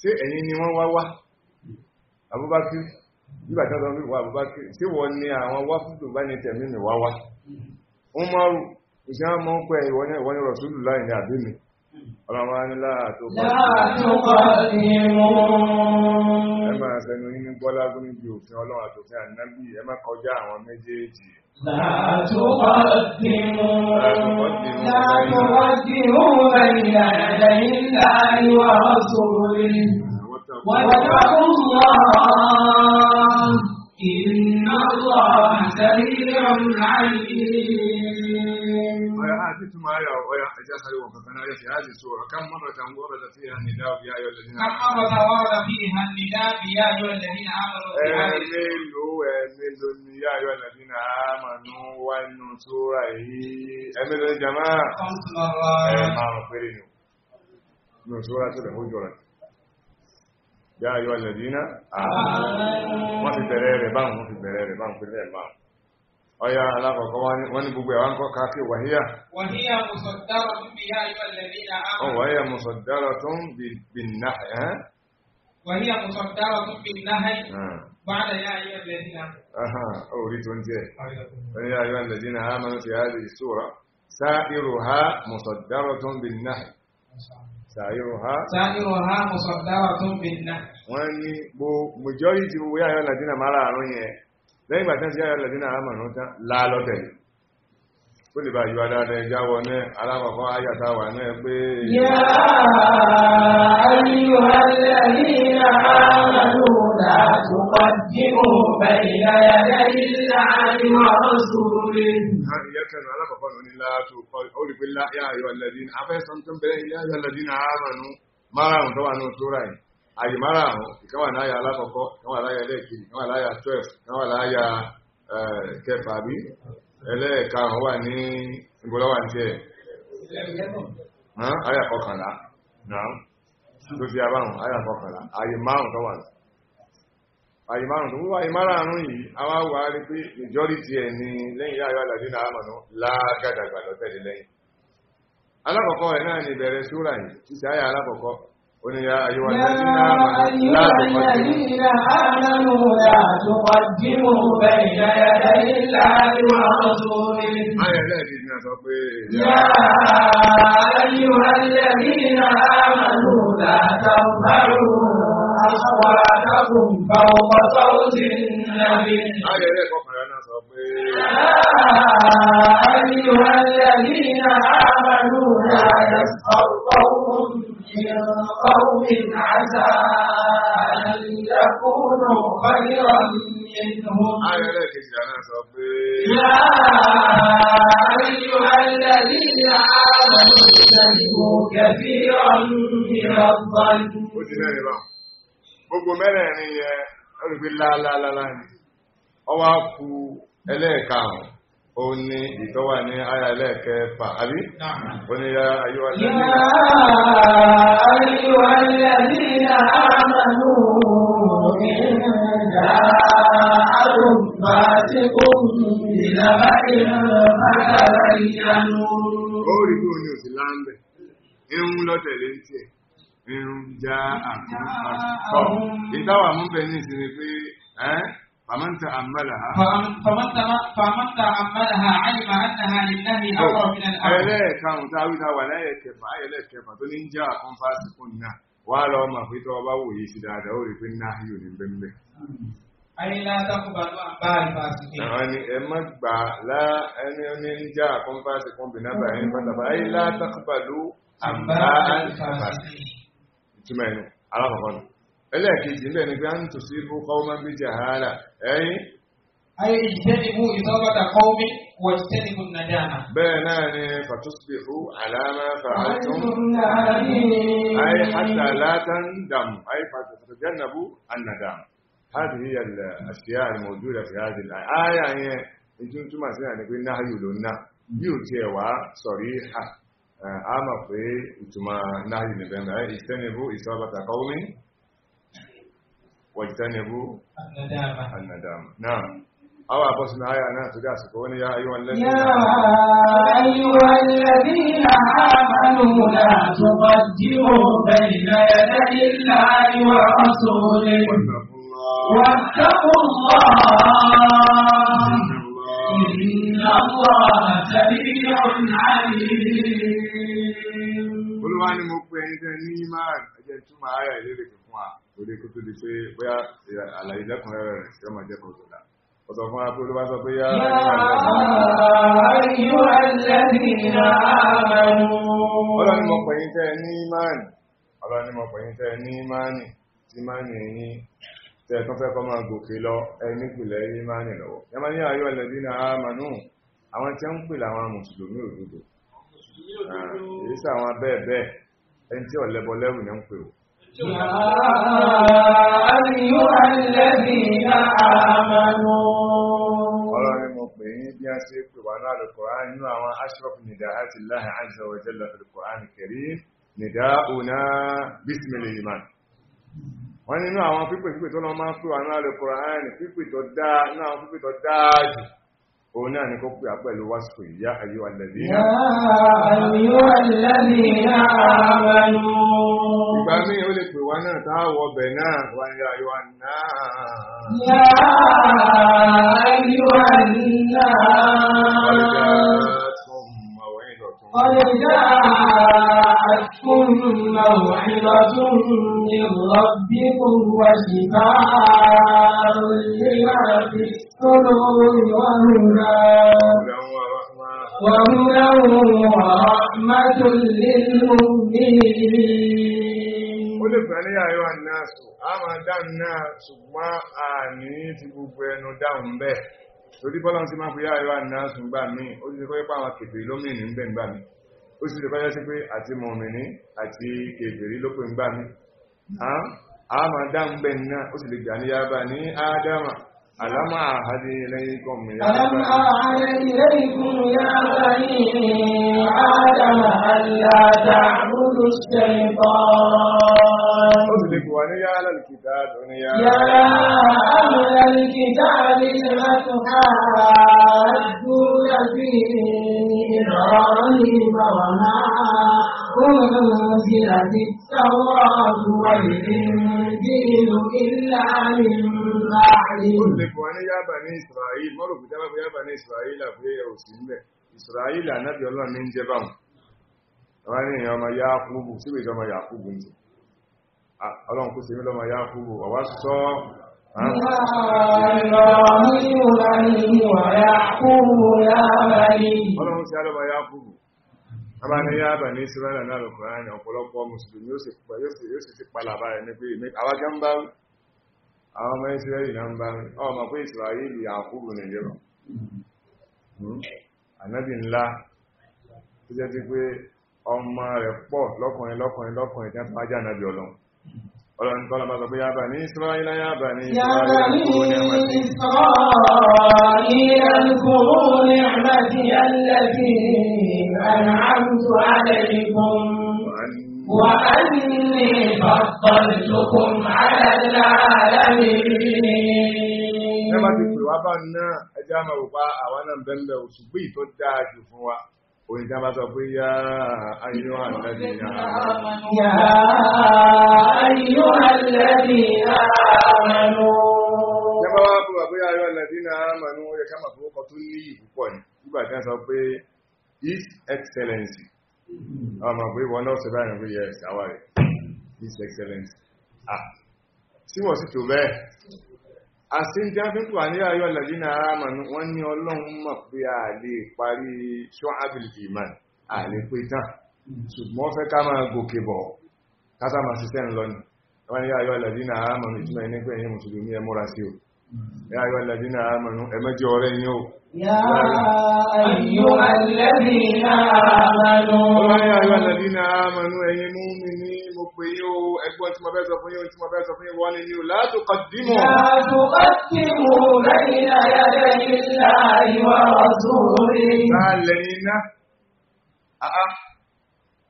ṣé ẹ̀yin ni wọ́n wá wá Abubakar nígbà tí wọ́n wá Abubakar ṣé wọ́n ní àwọn wá fúdù bá ní tẹ̀mí mi wá wá Umaru ìṣẹ́ wọn mọ́ pẹ́ ìwọ́n ní Rasulullah ní àbí mi ọlọ́wọ́ ní láàtò ẹ máa sẹnu yín ní bọ́lá gómìn bí òfin ọlọ́run àtòfin ànábì ẹ má kọjá àwọn méjèèjì láàtò ọdínmú láàtò ọdínmú ẹ̀yìn àdáyé láàrin wà sórí wàtàkùn ثم آية ويحتجاز وكفنا في هذه السورة كم مرة ورد فيها النداء يا أيها الذين كم مرة ورد فيها النداء يا أيها الذين آمنوا أمل يا أيها الذين آمنوا وأن سورة أمل الجماعة خمس مرات ما مغفرين من سورة الحجرة يا أيها الذين آمنوا وفي برير بان وفي برير بان في الليل بان ọya alákọ̀ọ́kọ́ wọ́n ní gbogbo àwọn kọ́ káfí wàhíyà wàhíyà mùsọ̀dára tó ń bì náà ẹ́ wàhíyà mùsọ̀dára tó ń bì náà ẹ́ بعد يا أيها الذين آمنوا أوريت أنت يا أيها الذين آمنوا في هذه السورة سائرها مصدرة بالنهي سائرها سائرها مصدرة بالنهي wọ́n ní gbogbo majority gbogbo yáyọ́ làdínà mara àrùn yẹn lẹ́yìn ìgbà tán ti yára lọ́dún tán láàlọ́tẹ̀ kó lè bá yíwa dáadáa ìjáwọ̀ náà alákọ̀ọ́kọ́ ayàtà wà náà pé yá ayyuhallẹ̀ nínà àmàlò látùkọ́ jímò bẹ̀yà yàdá ilá àríwá ọ̀sùnrin. àyè márààrún ìkan wà láyà alákọ̀ọ́kọ́ ìkan láyà ẹlẹ́ẹ̀kejì ìkan láyà twelve ìkan láyà kẹfà bí ẹlẹ́ẹ̀karùn-ún wà ní ìgbọ́lọ́ ní tiẹ̀ àyà kọkànlá náà tó wà ní àyè márùn-ún tó wà rí pé majority ẹ̀ ní lẹ́yìn náà lágàdàgbà alákọ̀ọ́kọ́ ẹ̀ náà ìbẹ̀rẹ̀ yìí alákọ̀ọ́kọ́ قل يا أيها الذين آمنوا لا تقدموا بين يدي الله ورسوله آية يا أيها الذين آمنوا لا ترفعوا أصواتكم فوق صوت النبي آية يا أيها الذين آمنوا لا يسخر قوم من قوم عسى أن يكونوا خيرا منهم يا أيها الذين آمنوا اجتنبوا كثيرا من الظن gbogbo mẹ́rẹ̀ẹ̀rin yẹn olùgbé lálálálá ni ó ní ìtọ́wà ní àyà lẹ́ẹ̀kẹfà àbí ó ní ya ayúwà lẹ́yìn àmàlù ìrìnàjá àrùnbà tí ó mú ìlàbá ìrìnàjá ìyanu. ó rí bí òní òsì láńbẹ̀ irun lọ́tẹ̀lé ń tiẹ̀ irun já àkúnfà tọ́ mú bẹ ní ìsinmi pé فمن تأملها فمن فمن تأملها علم أنها لله أمر من الأمر. إليه كان تعويضا ولا يكفى إليه كفى تنجا أم فاسقنا ولا ما في توبة ويسدا دوري في النهي من Ayé látàkùn bàbá bá ìfàsìkè. Àwọn ni ẹ má gbà lá ẹni ẹni ń já àkọ́ńfàsì kọ́ńbìnà bàyẹ̀ ń pàtàkì. Ayé látàkùn bàbá àmbá ìfàsìkè. Ìtumẹ̀ nù, alákọ̀ọ́kọ́ nù ẹlẹ́ẹ̀kejì ńlẹ̀ ni pé à ń tò sí ibú kọ́ọ́mọ́ bí jàhálà ẹ̀yìn. ayé ìjẹ́nibú ìsọ́gbàdà kọ́ọ́mí wọ ìjẹ́nibú nàdàmà. bẹ́ẹ̀ náà ni fàtúsìbìhù àlámà fàátún ayé hàtà látàn dàmù ayé fàtúsìbìhù ànàdàmù. هذه هي الأشياء الموجودة في هذه الآية يعني ìtún túmọ̀ sí àní pé náà yìí ló ná bí ò tiẹ̀ wá sọ̀rí ha a mọ̀ واجتنبوا الندامة الندامة نعم أو أبوس الآية أنا تجاسك يا أيها الذين يا أيها الذين آمنوا لا تقدموا بين يدي الله ورسوله واتقوا الله إن الله سميع عليم قل وأنا مقبل إذا نيمان أجل ثم آية لك torí kó tó di pé bóyá eh, àlàyé lẹ́kùnrẹ́rẹ́ rẹ̀ yóò máa jẹ́ kọ̀ọ̀tọ̀ náà ó sọ fún apé olúwa sọ pé yá ọlọ́ni mo pẹ̀yìn tẹ́ ní ìmáànì ọlọ́ni mo pẹ̀yìn tẹ́ ní ìmáànì tí ìmáànì yìí tẹ́ tó fẹ́ kọ́ máa gòkè lọ ẹni pìlẹ̀ ní ìmáànì lọ́wọ́ yẹ́mọ́ ní ayọ́ ẹlẹ́bí náà àmànú àwọn tí ń pè láwọn mùsùlùmí òdodo ah, èyí sí àwọn bẹ́ẹ̀ ẹni tí ọ̀lẹ́bọ lẹ́rù ní pè ó يا أيها الذين آمنوا ọlọ́run mo pè ní bí a ṣe pè wà náà lè kọ̀rán nínú àwọn ashraf nìdá àti láhìn azza wa jalla fil Qur'an al wọ́n nínú àwọn pípè pípè tó lọ máa ń pè wà náà lè kọ̀rán tó dáa òun náà ni kó pè á pẹ̀lú wáṣùkò ìyá ayé wa lẹ́bí ìgbà míì ó lè pè wá náà táwọ̀ ọbẹ̀ náà wà ní ayé wa náà yá جاءتكم موعظة من ربكم وشفاء لما في الصدور وهدى وهدى ورحمة للمؤمنين. قل يا أيها الناس أما دعنا سبما آني في بوبينو دعم به. torí bọ́lá ń ti máa fi yá ayọ́ àná sùn gbà mí ó ti ṣe kọ́ yẹ́ pé àwọn kèfèrí lómìnir ń bẹ̀ ń gbà mí ó sì lè bájá sí pé àti mọ̀mìnì àti kèfèrí ló pè ń gbà mí a ma dáńgbẹ̀ náà ó sì lè gbà ní yába ní ádámà alámà àhàdé lẹ́yìnkùn Ó sì lè kùwà ní yára lìkìtà lóní yára. Yára àmàlà lìkìtà lè ṣe látùká àdúrà bí i إبراهيم وما أنزلت التوراة والإنجيل إلا من بعده. يا بني إسرائيل مروا بجواب يا بني إسرائيل في أوسيمة إسرائيل النبي الله من جبهم. àwọn ènìyàn ọmọ Yakubu síbèjọ ọmọ Yakubu ní ọlọ́run kó sí mi lọ́mọ Yakubu ọwá sọ Ọlọ́run sí alọ́bà Yakubu, àbá ni Yába ní Síráìlà náà lọ kọ̀rọ̀ ní ọ̀pọ̀lọpọ̀ Mùsùlùmí ó sì ti palàbá ẹni pé àwágá ń bá rí, àwọn ọmọ Ísírẹ́lì náà ń bá rí, ọmọ pé Ìsìráìlì Yakubu nìjẹ́rọ. Hmm? Ànábì ńlá, tó jẹ́ ti pé ọmọ rẹ̀ pọ̀ lọ́kùnrin lọ́kùnrin lọ́kùnrin tẹ́ ọlọ́run tọ́lọ bá sọ pé yába ní ìsìláìlá yába ní Ẹbá ti pè wá bá náà ẹjá mọ̀ wà àwọn náà bẹ̀m̀bẹ̀ òṣùgbé tó dáa jù fún wa. Orin tá bá sọ pé yá ayọ́ àlẹ́bí àmàlú. Yá ayọ́ àlẹ́bí àmàlú. Yá bá wá bọ̀ pé ayọ́ àlẹ́bí àmàlú ó yẹ ká mọ̀ fún ọkọ̀ tó níyì púpọ̀ ni. Excellency. Àwọn ọmọ pé wọn náà sọ báyìí pé yẹ ẹ̀sà Excellency. Ah, tí wọ́n sì tó bẹ́ẹ̀ àṣíjá fi ń pà ní ayọ́ lẹ́dínà wọ́n ní ọlọ́run mọ̀ pé a lè parí ṣọ́ábìlì ìmàn a lè pé tán ṣùgbọ́n fẹ́ ká máa gòkè bọ̀ kátà máa ṣiṣẹ́ ń lọ́nà wọ́n ní ayọ́ lẹ́dínà àmànú ìtumọ̀ ẹni pé ẹ̀yin mùsùlùmí ẹ ya ayọ́ lẹ́dínà àmànú amanu. Wọ́n pè yín o ẹgbọ́n tí mo fẹ́ sọ fún yín o tí mo fẹ́ sọ fún yín wọ́n ní ní o látò kọ́dímọ̀. látò kọ́dímọ̀ lẹ́yìn ayẹyẹ ilá ìwà ọ̀túnrí. ta lẹ́yìn iná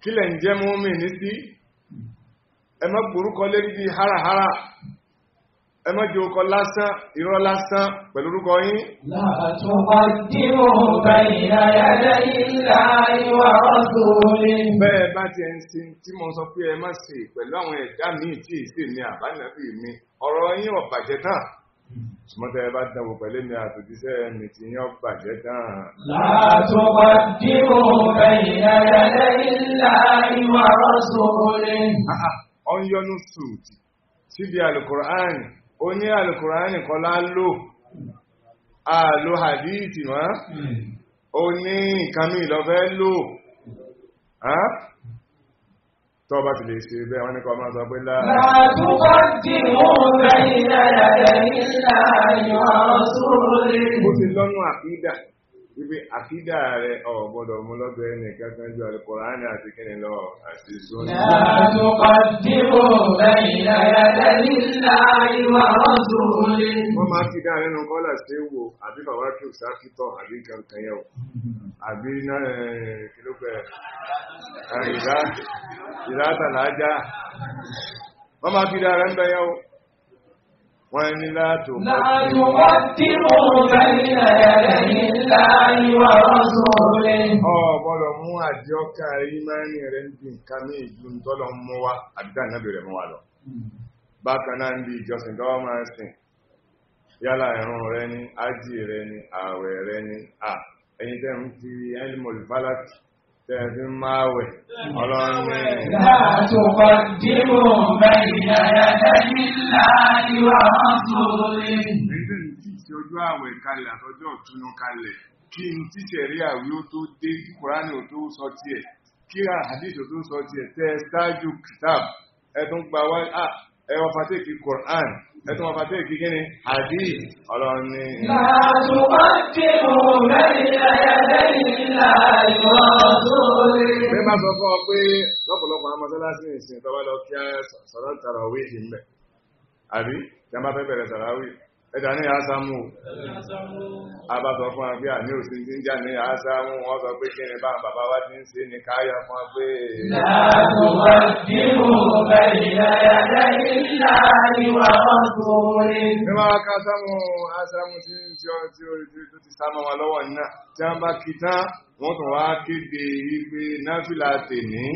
kí lẹ̀ ń jẹ́ mú mi ní sí ẹ má gbórúkọ lérí bíi hárahára ẹ má jẹ́ orúkọ lásán irọ́ lásán pẹ̀lú orúkọ yín. látúbọ̀ tí mo bẹ̀yìn ayájá ìlà ìwà ọ̀sọ̀rọ̀. bẹ́ẹ̀ bá ti ẹ̀ ń sin tí mo sọ pé ẹ má ṣe pẹ̀lú àwọn ẹ̀dá míì tí èsì mi àbánábì mi ọ̀rọ̀ yín ò bàjẹ́ bá dánwò pẹ̀lú mi àtòjíṣẹ́ mi ti yán bàjẹ́ tán. látúbọ̀ tí mo bẹ̀yìn ayájá ìlà ìwà ọ̀sọ̀rọ̀. ọ̀nyọ́nù sùn síbi alukur'ani ó ní alùkùránì kọlá lò àlò hadithi wọ́n ó ní ìkanú ìlọ́fẹ́ lò tọ́ bá ti lè ṣe bẹ́ wọ́n ní kọ máa sọ pé láàá wípé àkídà rẹ ọ̀gbọ́dọ̀ mú lọ́dọ̀ ẹni kankan jù alukọ̀ránì àti kíni lọ àti sunna. Láàtú pàdébò bẹ́yìn ayẹyẹ nílá ìwà ọ̀dùn lé. Wọ́n máa kídà nínú kọ́là ṣe àbí bàbá kí òṣà kítọ̀ àbí kankan yẹ̀wò. Àbí náà kìlópẹ̀ ìlátàlájá. Wọ́n máa kídà rẹ̀ ń bẹ̀yẹ̀wò wọ́n ní láti ọ̀bọ̀lọ̀ mú àdíọ́kà ìmáni rẹ̀ ń bí nǹkan ní ìlú tọ́lọ mú wá àbíkà ìnábì rẹ̀ mú wá lọ bákan náà ń bí ìjọsìn tọ́wọ́ máa sìn yálà ẹ̀rùn rẹ̀ ní ájì rẹ̀ ní ààwẹ̀ rẹ̀ ní à ẹ̀yìn tẹ́ ń fi ẹlmọ̀lù fálàkì tẹ̀sí máa wẹ̀ ọlọ́run Láàtò kọ dìbò bẹ́yìnà ẹ̀dẹ́bí láàrin àwọn sórí. Ẹ̀dẹ́ ń tí ti àwẹ̀ kalẹ̀ àtọjọ́ ọ̀túnú kalẹ̀ kí n tí tẹ̀rí àwí ó tó dé kí Kùránì ò tó sọ tiẹ̀ kí àdìsò tó sọ tiẹ̀ tẹ́ ṣáájú kìtàb ẹ̀dùn gba wá ẹwà fàtẹ́kì ẹ̀tọ́ wọn fàtẹ́ ìkí kí ni àdí ọlọ́ni. Bí máa sọ fún ọ pé lọ́pọ̀lọpọ̀ àwọn mọ́sálásí ìsìn tọ́wọ́ lọ kí á sọ̀rọ̀ tàràwí ìmẹ̀. Àbí, ẹ̀dà ní àásámú àbàtọ̀ fún àgbé àní òsì tí ń jà ní àásámú wọ́n sọ pé kí bá bàbá wá ti ń ṣe ní káyà fún agbé wọ́n tún wá kéde wípé náfìlà tè ní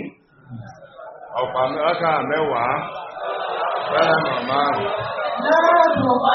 ọ̀pàá mẹ́wàá rárá màmá rẹ̀. Lọ́rọ̀ tó wá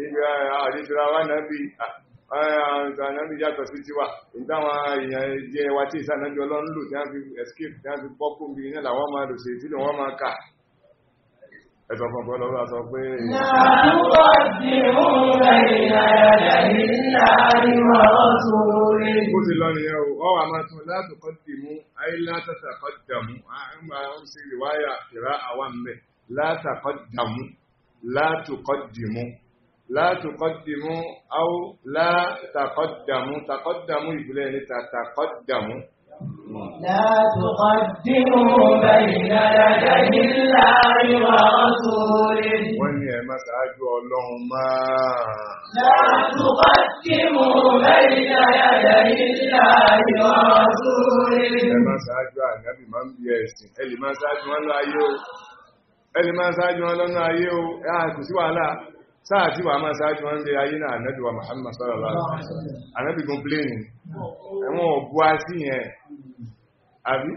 ibi àdíjọra wá náàbí ànábì yàtọ̀ sí tiwa ìtàwọn èèyàn jẹ́ wa tí ìsànájú ọlọ́run lò tí wọ́n fi escape tí wọ́n fi bọ́kù bí iná làwọn máa lò sí ìtìlẹ̀ wọ́n máa kà ẹ̀sọ̀ fọ̀pọ̀ lọ́wọ́ sọ pé ó ti lọ nìyẹn o ọ wà máa tún láti kọ́ ti látùkọ́dìmú áwú látàkọ́dàmú tàkọ́dàmú ìbílẹ̀ ní tàkọ́dàmú. látùkọ́dìmú bẹ̀yìn dáadáa nílá ìwà ọ̀túnrẹ́. wọ́n ní ẹ̀ má ṣáájú ọlọ́run máa. látùkọ́dìmú bẹ̀yìn dáadáa nílá ìwà ọ̀túnrẹ́. ẹ má ṣáájú ànábì máa ń bí ẹ̀sìn ẹ lè má ṣáájú wọn lọ ayé o ẹ lè má ṣáájú wọn lọ́nà ayé o ẹ ah, àkùsí wàhálà sáà tí wà máa sáájú wọ́n lè ayé náà ànábì wa Muhammad sallallahu alaihi wasallam ànábì gun pléènì ẹ̀wọ̀n ọ̀bú àti yẹn àbí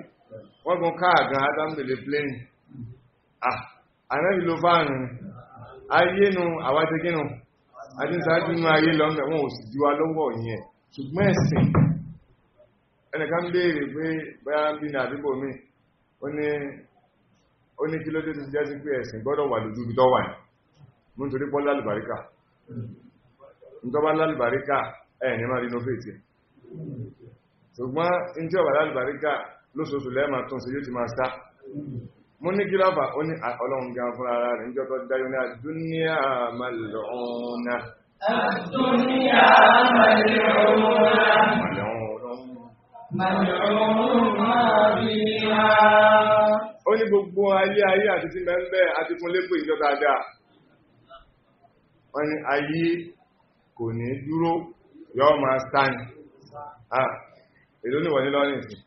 wọ́n gun káàgán adámbèlè pléènì ànábì ló fáàrin ayé nu àwájẹ́gínú àti sáájú nú ayé lọ́mọ̀ wọn ò sì diwa lọ́wọ́ yẹn ṣùgbọ́n ẹ̀sìn ẹnìkan béèrè pé bóyá bí ní àdúgbò mi ó ní kí ló dé tó jẹ́ mú nítorí pọ́ lálùbáríkà nítọ́bá lálùbáríkà ẹ̀ ní máa rinovate ṣùgbọ́n in tí ọ̀bà lálùbáríkà lóṣooṣù lẹ́ẹ̀mà tún sí yóò ti máa sá mú ní kí láfà ó ní ọlọ́run gan fún ara rẹ̀ níjọ́ tó dáyọ́ ní àdúníà malọ́ọ̀nà àdúníà malọ́ọ̀nà ó wọ́n ní ayé kò ní dúró yọ́ ma sáàni èlò ní wọ̀nyí lọ́nà ìsìn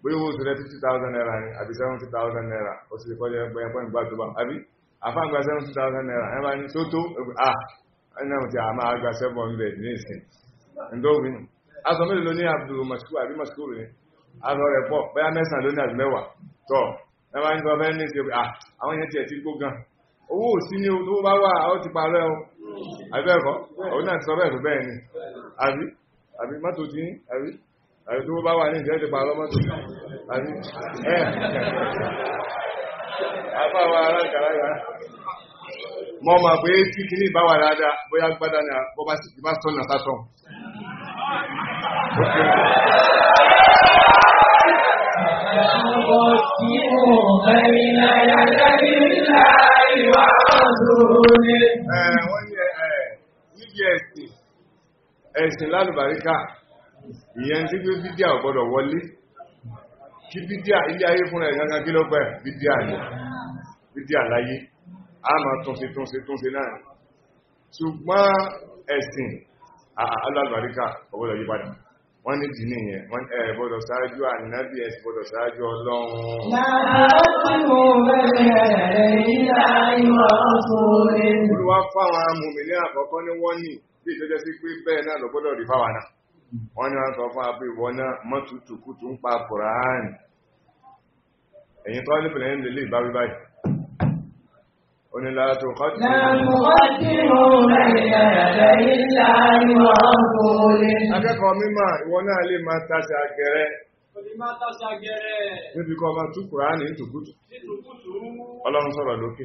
bóyí owó ìṣẹ́lẹ̀ 50,000 naira ni àbí 70,000 naira ó sì kọjá ẹgbẹ́ ẹgbẹ́ ìgbà tó bá àbí àfáàgbà 70,000 naira ẹgbà ní tó tó ẹgbẹ́ a àmà àgbà 700 ní ìsìn ndóbin aṣọ mélòó ló ní Abdul àbí ni aṣọ rẹ̀ pọ̀ bóyá mẹ́sàn-án ló ní àbí mẹ́wàá tọ́ ẹgbà ní àwọn tiẹ̀ ti gbó gan owó ò sí ní o tó bá wà ó ti parẹ́ o hmm. àbẹ́ẹ̀kọ́ òun náà ti sọ bẹ́ẹ̀ tó bẹ́ẹ̀ ni àbí àbí mọ́tò ti ní àbí àbí tó bá wà ní ìjẹ́ ti parọ́ mọ́tò àbí ẹ̀ apá wa ará ìkàláyà mọ́ ma pé tí kì ní ìbáwà dáadáa bóyá gbádá ni àbọ́bá sì ti bá sọ́nà sátọ̀ نقسم ẹ̀sìn ẹ̀sìn ìyẹn tí pé bídíà ò wọlé kí bídíà ilé ayé fúnra ìgangan kí ló bídíà yẹ bídíà láyé a máa túnṣe túnṣe túnṣe náà ṣùgbọ́n ẹ̀sìn alálùbáríkà ò gbọ́dọ̀ yípadà wọ́n ní dìní yẹn wọ́n ẹ̀ gbọ́dọ̀ ṣáájú ànábì ẹ̀sì bọ́dọ̀ ṣáájú ọlọ́run. olùwà fáwọn amòmìnira àkọ́kọ́ ní wọ́n ní bí ìtọ́jọ́ sí pé bẹ́ẹ̀ náà lọ wọ́n ní wọ́n sọ fún abẹ́ ìwọ náà قل لا تقدموا لا تقدموا بين يدي الله ورسوله akẹ́kọ̀ọ́ mímọ̀ ìwọ náà lè máa tàṣẹ níbi kan máa tú kùránì nítòkútù ọlọ́run sọ̀rọ̀ lókè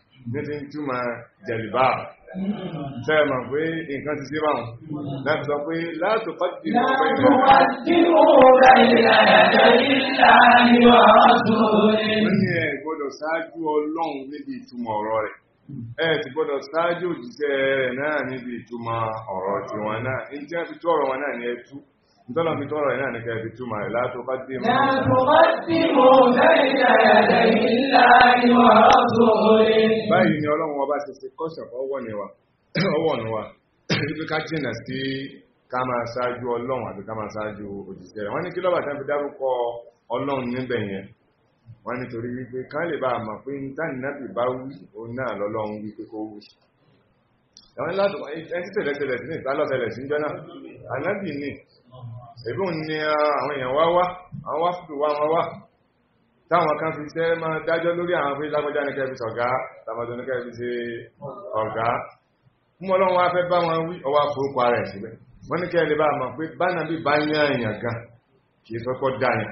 níbi túnmà jẹ̀lìbá tẹ́ẹ̀mà pé nǹkan ti síwá wọn láti sọ pé látò pàtàkì gbọ́dọ̀ ṣáájú ọlọ́run níbi ìtumọ̀ ọ̀rọ̀ rẹ̀ ẹ ti gbọ́dọ̀ ṣáájú òjíṣẹ́ rẹ̀ náà níbi ìtumọ̀ ọ̀rọ̀ tiwọn náà ní jẹ́ fi tó ọ̀rọ̀ wọn náà ní ẹtú ntọ́lọ̀ fi tọ́rọ ìrìn àníkà ibi túmọ̀ rẹ̀ látò kọ́dí mọ́. báyìí ni ọlọ́run ọlọ́run níbẹ̀ yẹn wọ́n nítorí wípé ká lè bá a mọ̀ pé ntánìlábì bá wí òun náà lọ́lọ́run wípé kó wí ẹ̀wọ̀n láti ẹni tẹ̀lẹ̀tẹ̀lẹ̀ sí ìtàlọ́tẹ̀lẹ̀ sí ń ẹ̀bí òun ni ah, àwọn èèyàn wá wá àwọn wá fúdù wá wọn wá táwọn kan fi tẹ́ máa dájọ́ lórí àwọn fún ìlágbọ́já ní kẹfì sọ̀gá tàbátọ̀ ní kẹfì sí ọ̀gá mú ọlọ́run wá fẹ́ bá wọn wí ọwá forúkọ ara ẹ̀ síbẹ̀ wọ́n ní kẹ́ lè pé bánà bá yán èèyàn gan sọ́kọ́ dáyàn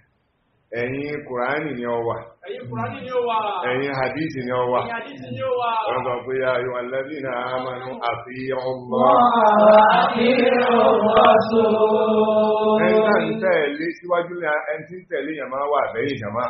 ẹ̀yin kùránì ni ọwà wà ẹ̀yin hadithi ni ọwà ọ̀sọ̀ pé ya yíò alẹ́bí na amánú àti ọmọ ẹ̀yin tẹ̀lé síwájú ẹ̀yin yàmá wà bẹ́yìn jàmáà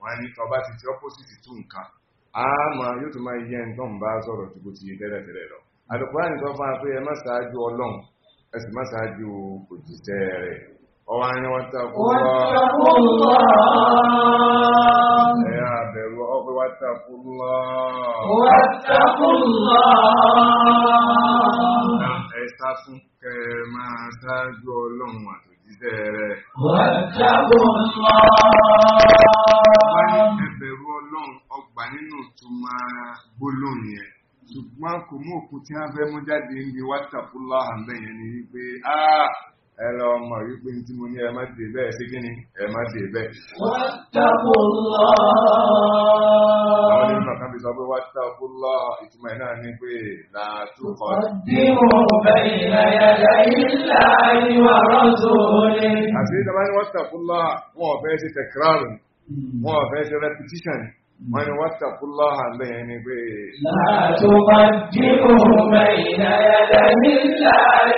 wọ́n ní tọba ti ti opposite tún nǹkan àmọ́ yóò tún máa yẹ nǹkan bá sọ̀rọ̀ ti lọ àlùkùrá nìkan fún pé ẹ má ṣáájú ọlọ́run ẹ sì má ṣáájú òjìṣẹ́ rẹ̀ ọwọ́ ayé wọn ta kú lọ. ẹ àbẹ̀rù kú lọ. ẹ sá fún kẹ máa ṣáájú ọlọ́run àti. ìbẹ̀rẹ̀. Wàtàbọ̀ lọ́wọ́. Wọ́n ní ẹbẹ̀rù ọlọ́run ọgbà nínú ìtumọ̀ gbólóhùn yẹn. Ṣùgbọ́n kò mú òkú tí wọ́n fẹ́ mú jáde ń bi wátàbọ̀ lọ́hàn ni wípé, ẹ lọ mọ̀ wípé tí mo ní ẹ má dé bẹ́ẹ̀ sí kíni ẹ má dé bẹ́ẹ̀. wọ́n àwọn nínú ọ̀kan fi sọ pé wọ́n ìtumọ̀ ẹ̀ náà ni pé làtúkọ̀. bí mo bẹ ìrẹ̀yẹ̀dẹ̀ ilá ìwà rọ́tò àti ìjọba ni wọ́n wọn ò fẹ́ ṣe tẹ̀kírárù wọn ò fẹ́ ṣe rẹpitíṣàn wọ́n ni wọ́n tàkúlọ́ àbẹ́ yẹn ni pé. látùmọ̀ dínú mẹ́yìnà yàrá nílá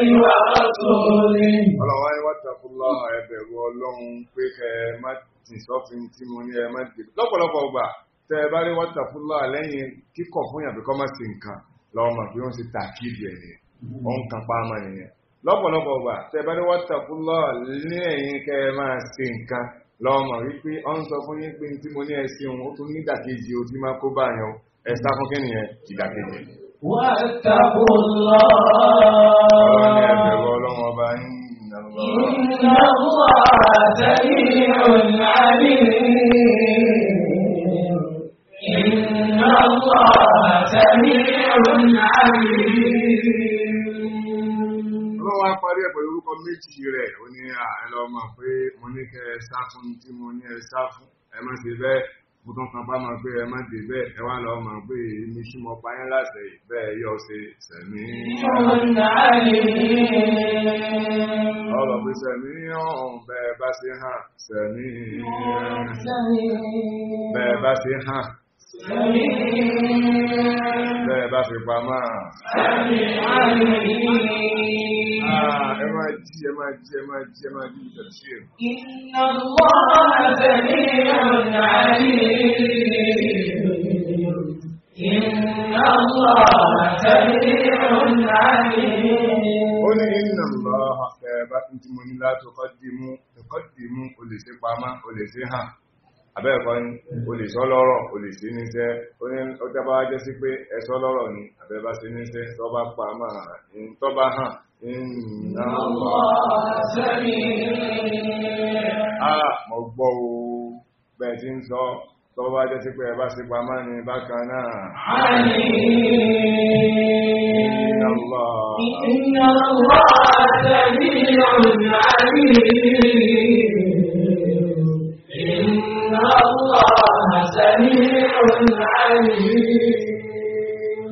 ìwà ọ̀tọ̀ọ̀lẹ́. ọlọ́wọ́ ni wọ́n tàkúlọ́ ẹbẹ̀rù ọlọ́run pé kẹ ẹ má tì sọ́fin tí mo ní ẹ má dé. lọ́pọ̀lọpọ̀ ọgbà tẹ ẹ bá rí wọ́n tàkúlọ́ lẹ́yìn kíkọ̀ fún yàtọ̀ kọ́ má sí nǹkan lọ́wọ́ mà pé wọ́n ti tà kí ibi ẹ̀yẹ wọ́n ń kan pàmò ẹ̀yẹ lọ́pọ̀lọpọ̀ ọgbà tẹ ẹ bá rí wọ́n tàkúlọ́ lẹ́yìn kẹ ẹ má sí nǹkan lọ́mọ wípé ọ́n sọ fún yín pé tí mo ní ẹsìn òun ó tún nídàkejì ó ti máa kó bá yẹn ẹ fún kíni yẹn ìdàkejì. ìnáwó. ìnáwó àtẹ̀yìn ònàbí parí ẹ̀ pẹ̀lú orúkọ méjì rẹ̀ ó ní àìlọ mọ̀ pé mo ní kẹ́ ẹ fún tí mo ní ẹ fún ẹ bẹ́ẹ̀ mo tún kan bá máa gbé ẹ bẹ́ẹ̀ ẹ lọ mọ̀ pé èmi sí mo pa láṣẹ bẹ́ẹ̀ yọ ṣe sẹ̀mí. ọ̀rọ̀ bẹ́ẹ̀ bá fi pa máa ah, ẹ máa jí ẹ máa jí ẹ máa jí ẹ máa jí ìjọ sí ẹ. Inna Allaha sami'un 'alim. Inna Allaha sami'un 'alim. Ó ní Inna Allaha bẹ́ẹ̀ bá ti mú ní látọ̀kọ́ dì mú, ẹ̀kọ́ dì mú, olè sí pamá, olè sí hàn abẹ́ẹ̀kọ́ ni o lè níṣẹ́ ó ní ó dábàá wá sí pé ẹ sọ lọ́rọ̀ sí níṣẹ́ tó pa máa ń tó hàn ń ná lọ. a mọ̀ gbọ́ o bẹ́ẹ̀ ti ń sọ tó bá sí pé ẹ sí pamọ́ ni bákan náà. Inna Allah. Inna Allah sami'un alim. سميع عليم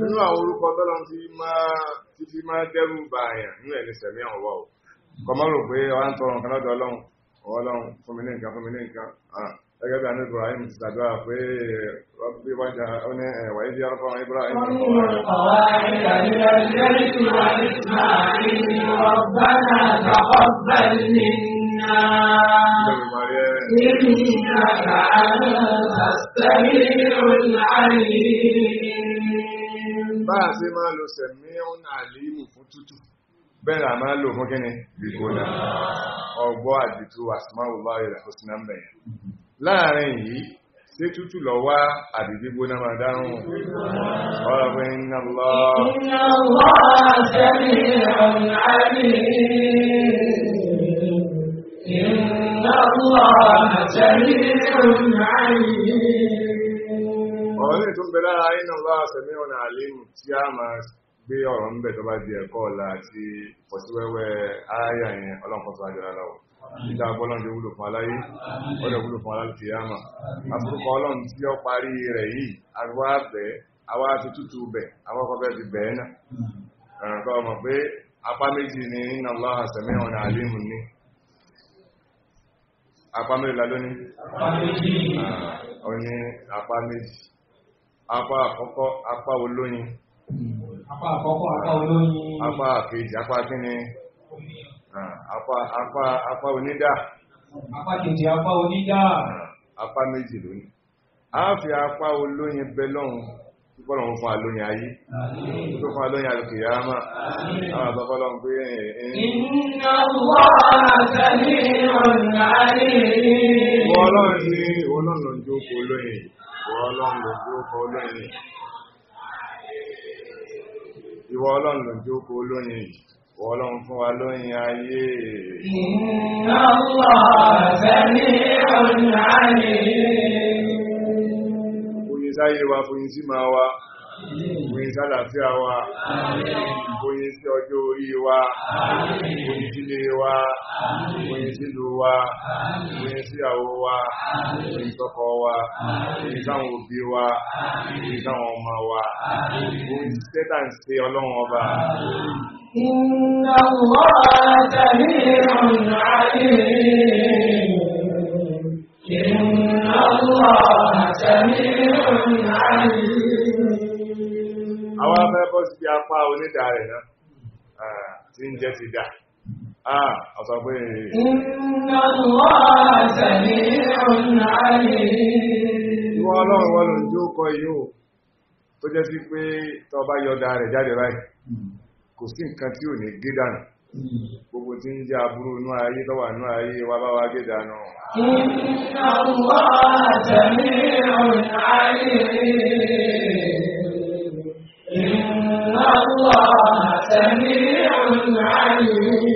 nínú àwọn orúkọ tọ́lọ́n ti máa ti fi máa dẹ́rù bá àyàn nínú ẹni sẹ̀mí ọ̀wọ́ ò kọmọ́rò pé ọwá ń tọrọ nǹkan lọ́dọ̀ ọlọ́run ọlọ́run fún mi ní nǹkan fún mi ní nǹkan gẹ́gẹ́ bí àní Ibrahim ti ṣàdúrà pé rọ́bí wájà ó ní ẹ̀wà ibi arúgbó àwọn Ibrahim. wọ́n mú ọ̀rọ̀ إنك أنت السميع العليم bá a ṣe máa lo sẹ̀míọ́n àlímù fún tútù bẹ́ẹ̀ la máa lò fún kíni gbígbóná ọgbọ́ àdìtú àsìmáwòlá ìrẹ̀ òsìnà ń bẹ̀yẹn láàrin yìí ṣé tútù lọ wá àbí gbígbóná máa dáhùn ọ̀rọ̀ pé iná lọ Ọ̀rọ̀ lè tún bẹ lára iná bá sẹ̀mí ọ̀nà àlímù tí a máa gbé ọ̀rọ̀ ń bẹ̀ tó bá di ẹ̀kọ́ ọ̀la àti pọ̀síwẹ́wẹ́ ayáyà yẹn ọlọ́pọ̀sọ́ àjọra lọ́wọ́. Ìdá ọgbọ́lọ́n ti ti bẹ̀ẹ́ náà. ọmọ pé apá méjì iná apá mẹ́rin la lónìí ọ̀ní ah, apá méjì apá àkọ́kọ́ apá olóyin apá àkọ́kọ́ apá olóyin apá àkejì apá kíni ah, apá apá apá onídà apá kejì apá onídà ah, apá méjì lónìí a fi apá olóyin bẹ lọ́hùn bọ́lọ̀ fún alóyìn ayé tó fún alóyìn alùkè yá máa àwọn àbábọ́lọ̀ ń pè Inna Allaha sami'un 'alim. Inna Allaha sami'un 'alim sáyé wa fún yín máa wa fún yín sálàáfíà wa sí ọjọ́ orí wa fún yín sílé wa fún yín sílùú wa fún yín síyàwó wa fún yín wa fún sáwọn òbí wa fún sáwọn ọmọ wa fún sẹ́tà ń ṣe ọlọ́run ọba. إن إن الله سميع عليم apá onídà rẹ̀ náà tí ń jẹ́ ti dà ọ̀sọ̀ pé Inna Allah sami'un kọ yíò tó jẹ́ sí pé tó bá yọ̀dá jáde kò sí nǹkan tí ò ní gbogbo tí ń jẹ́ aburú inú ayé tọ́wà inú ayé wa bá wá gé dànù. Inna Allah jami'un alim. Inna Allah jami'un alim.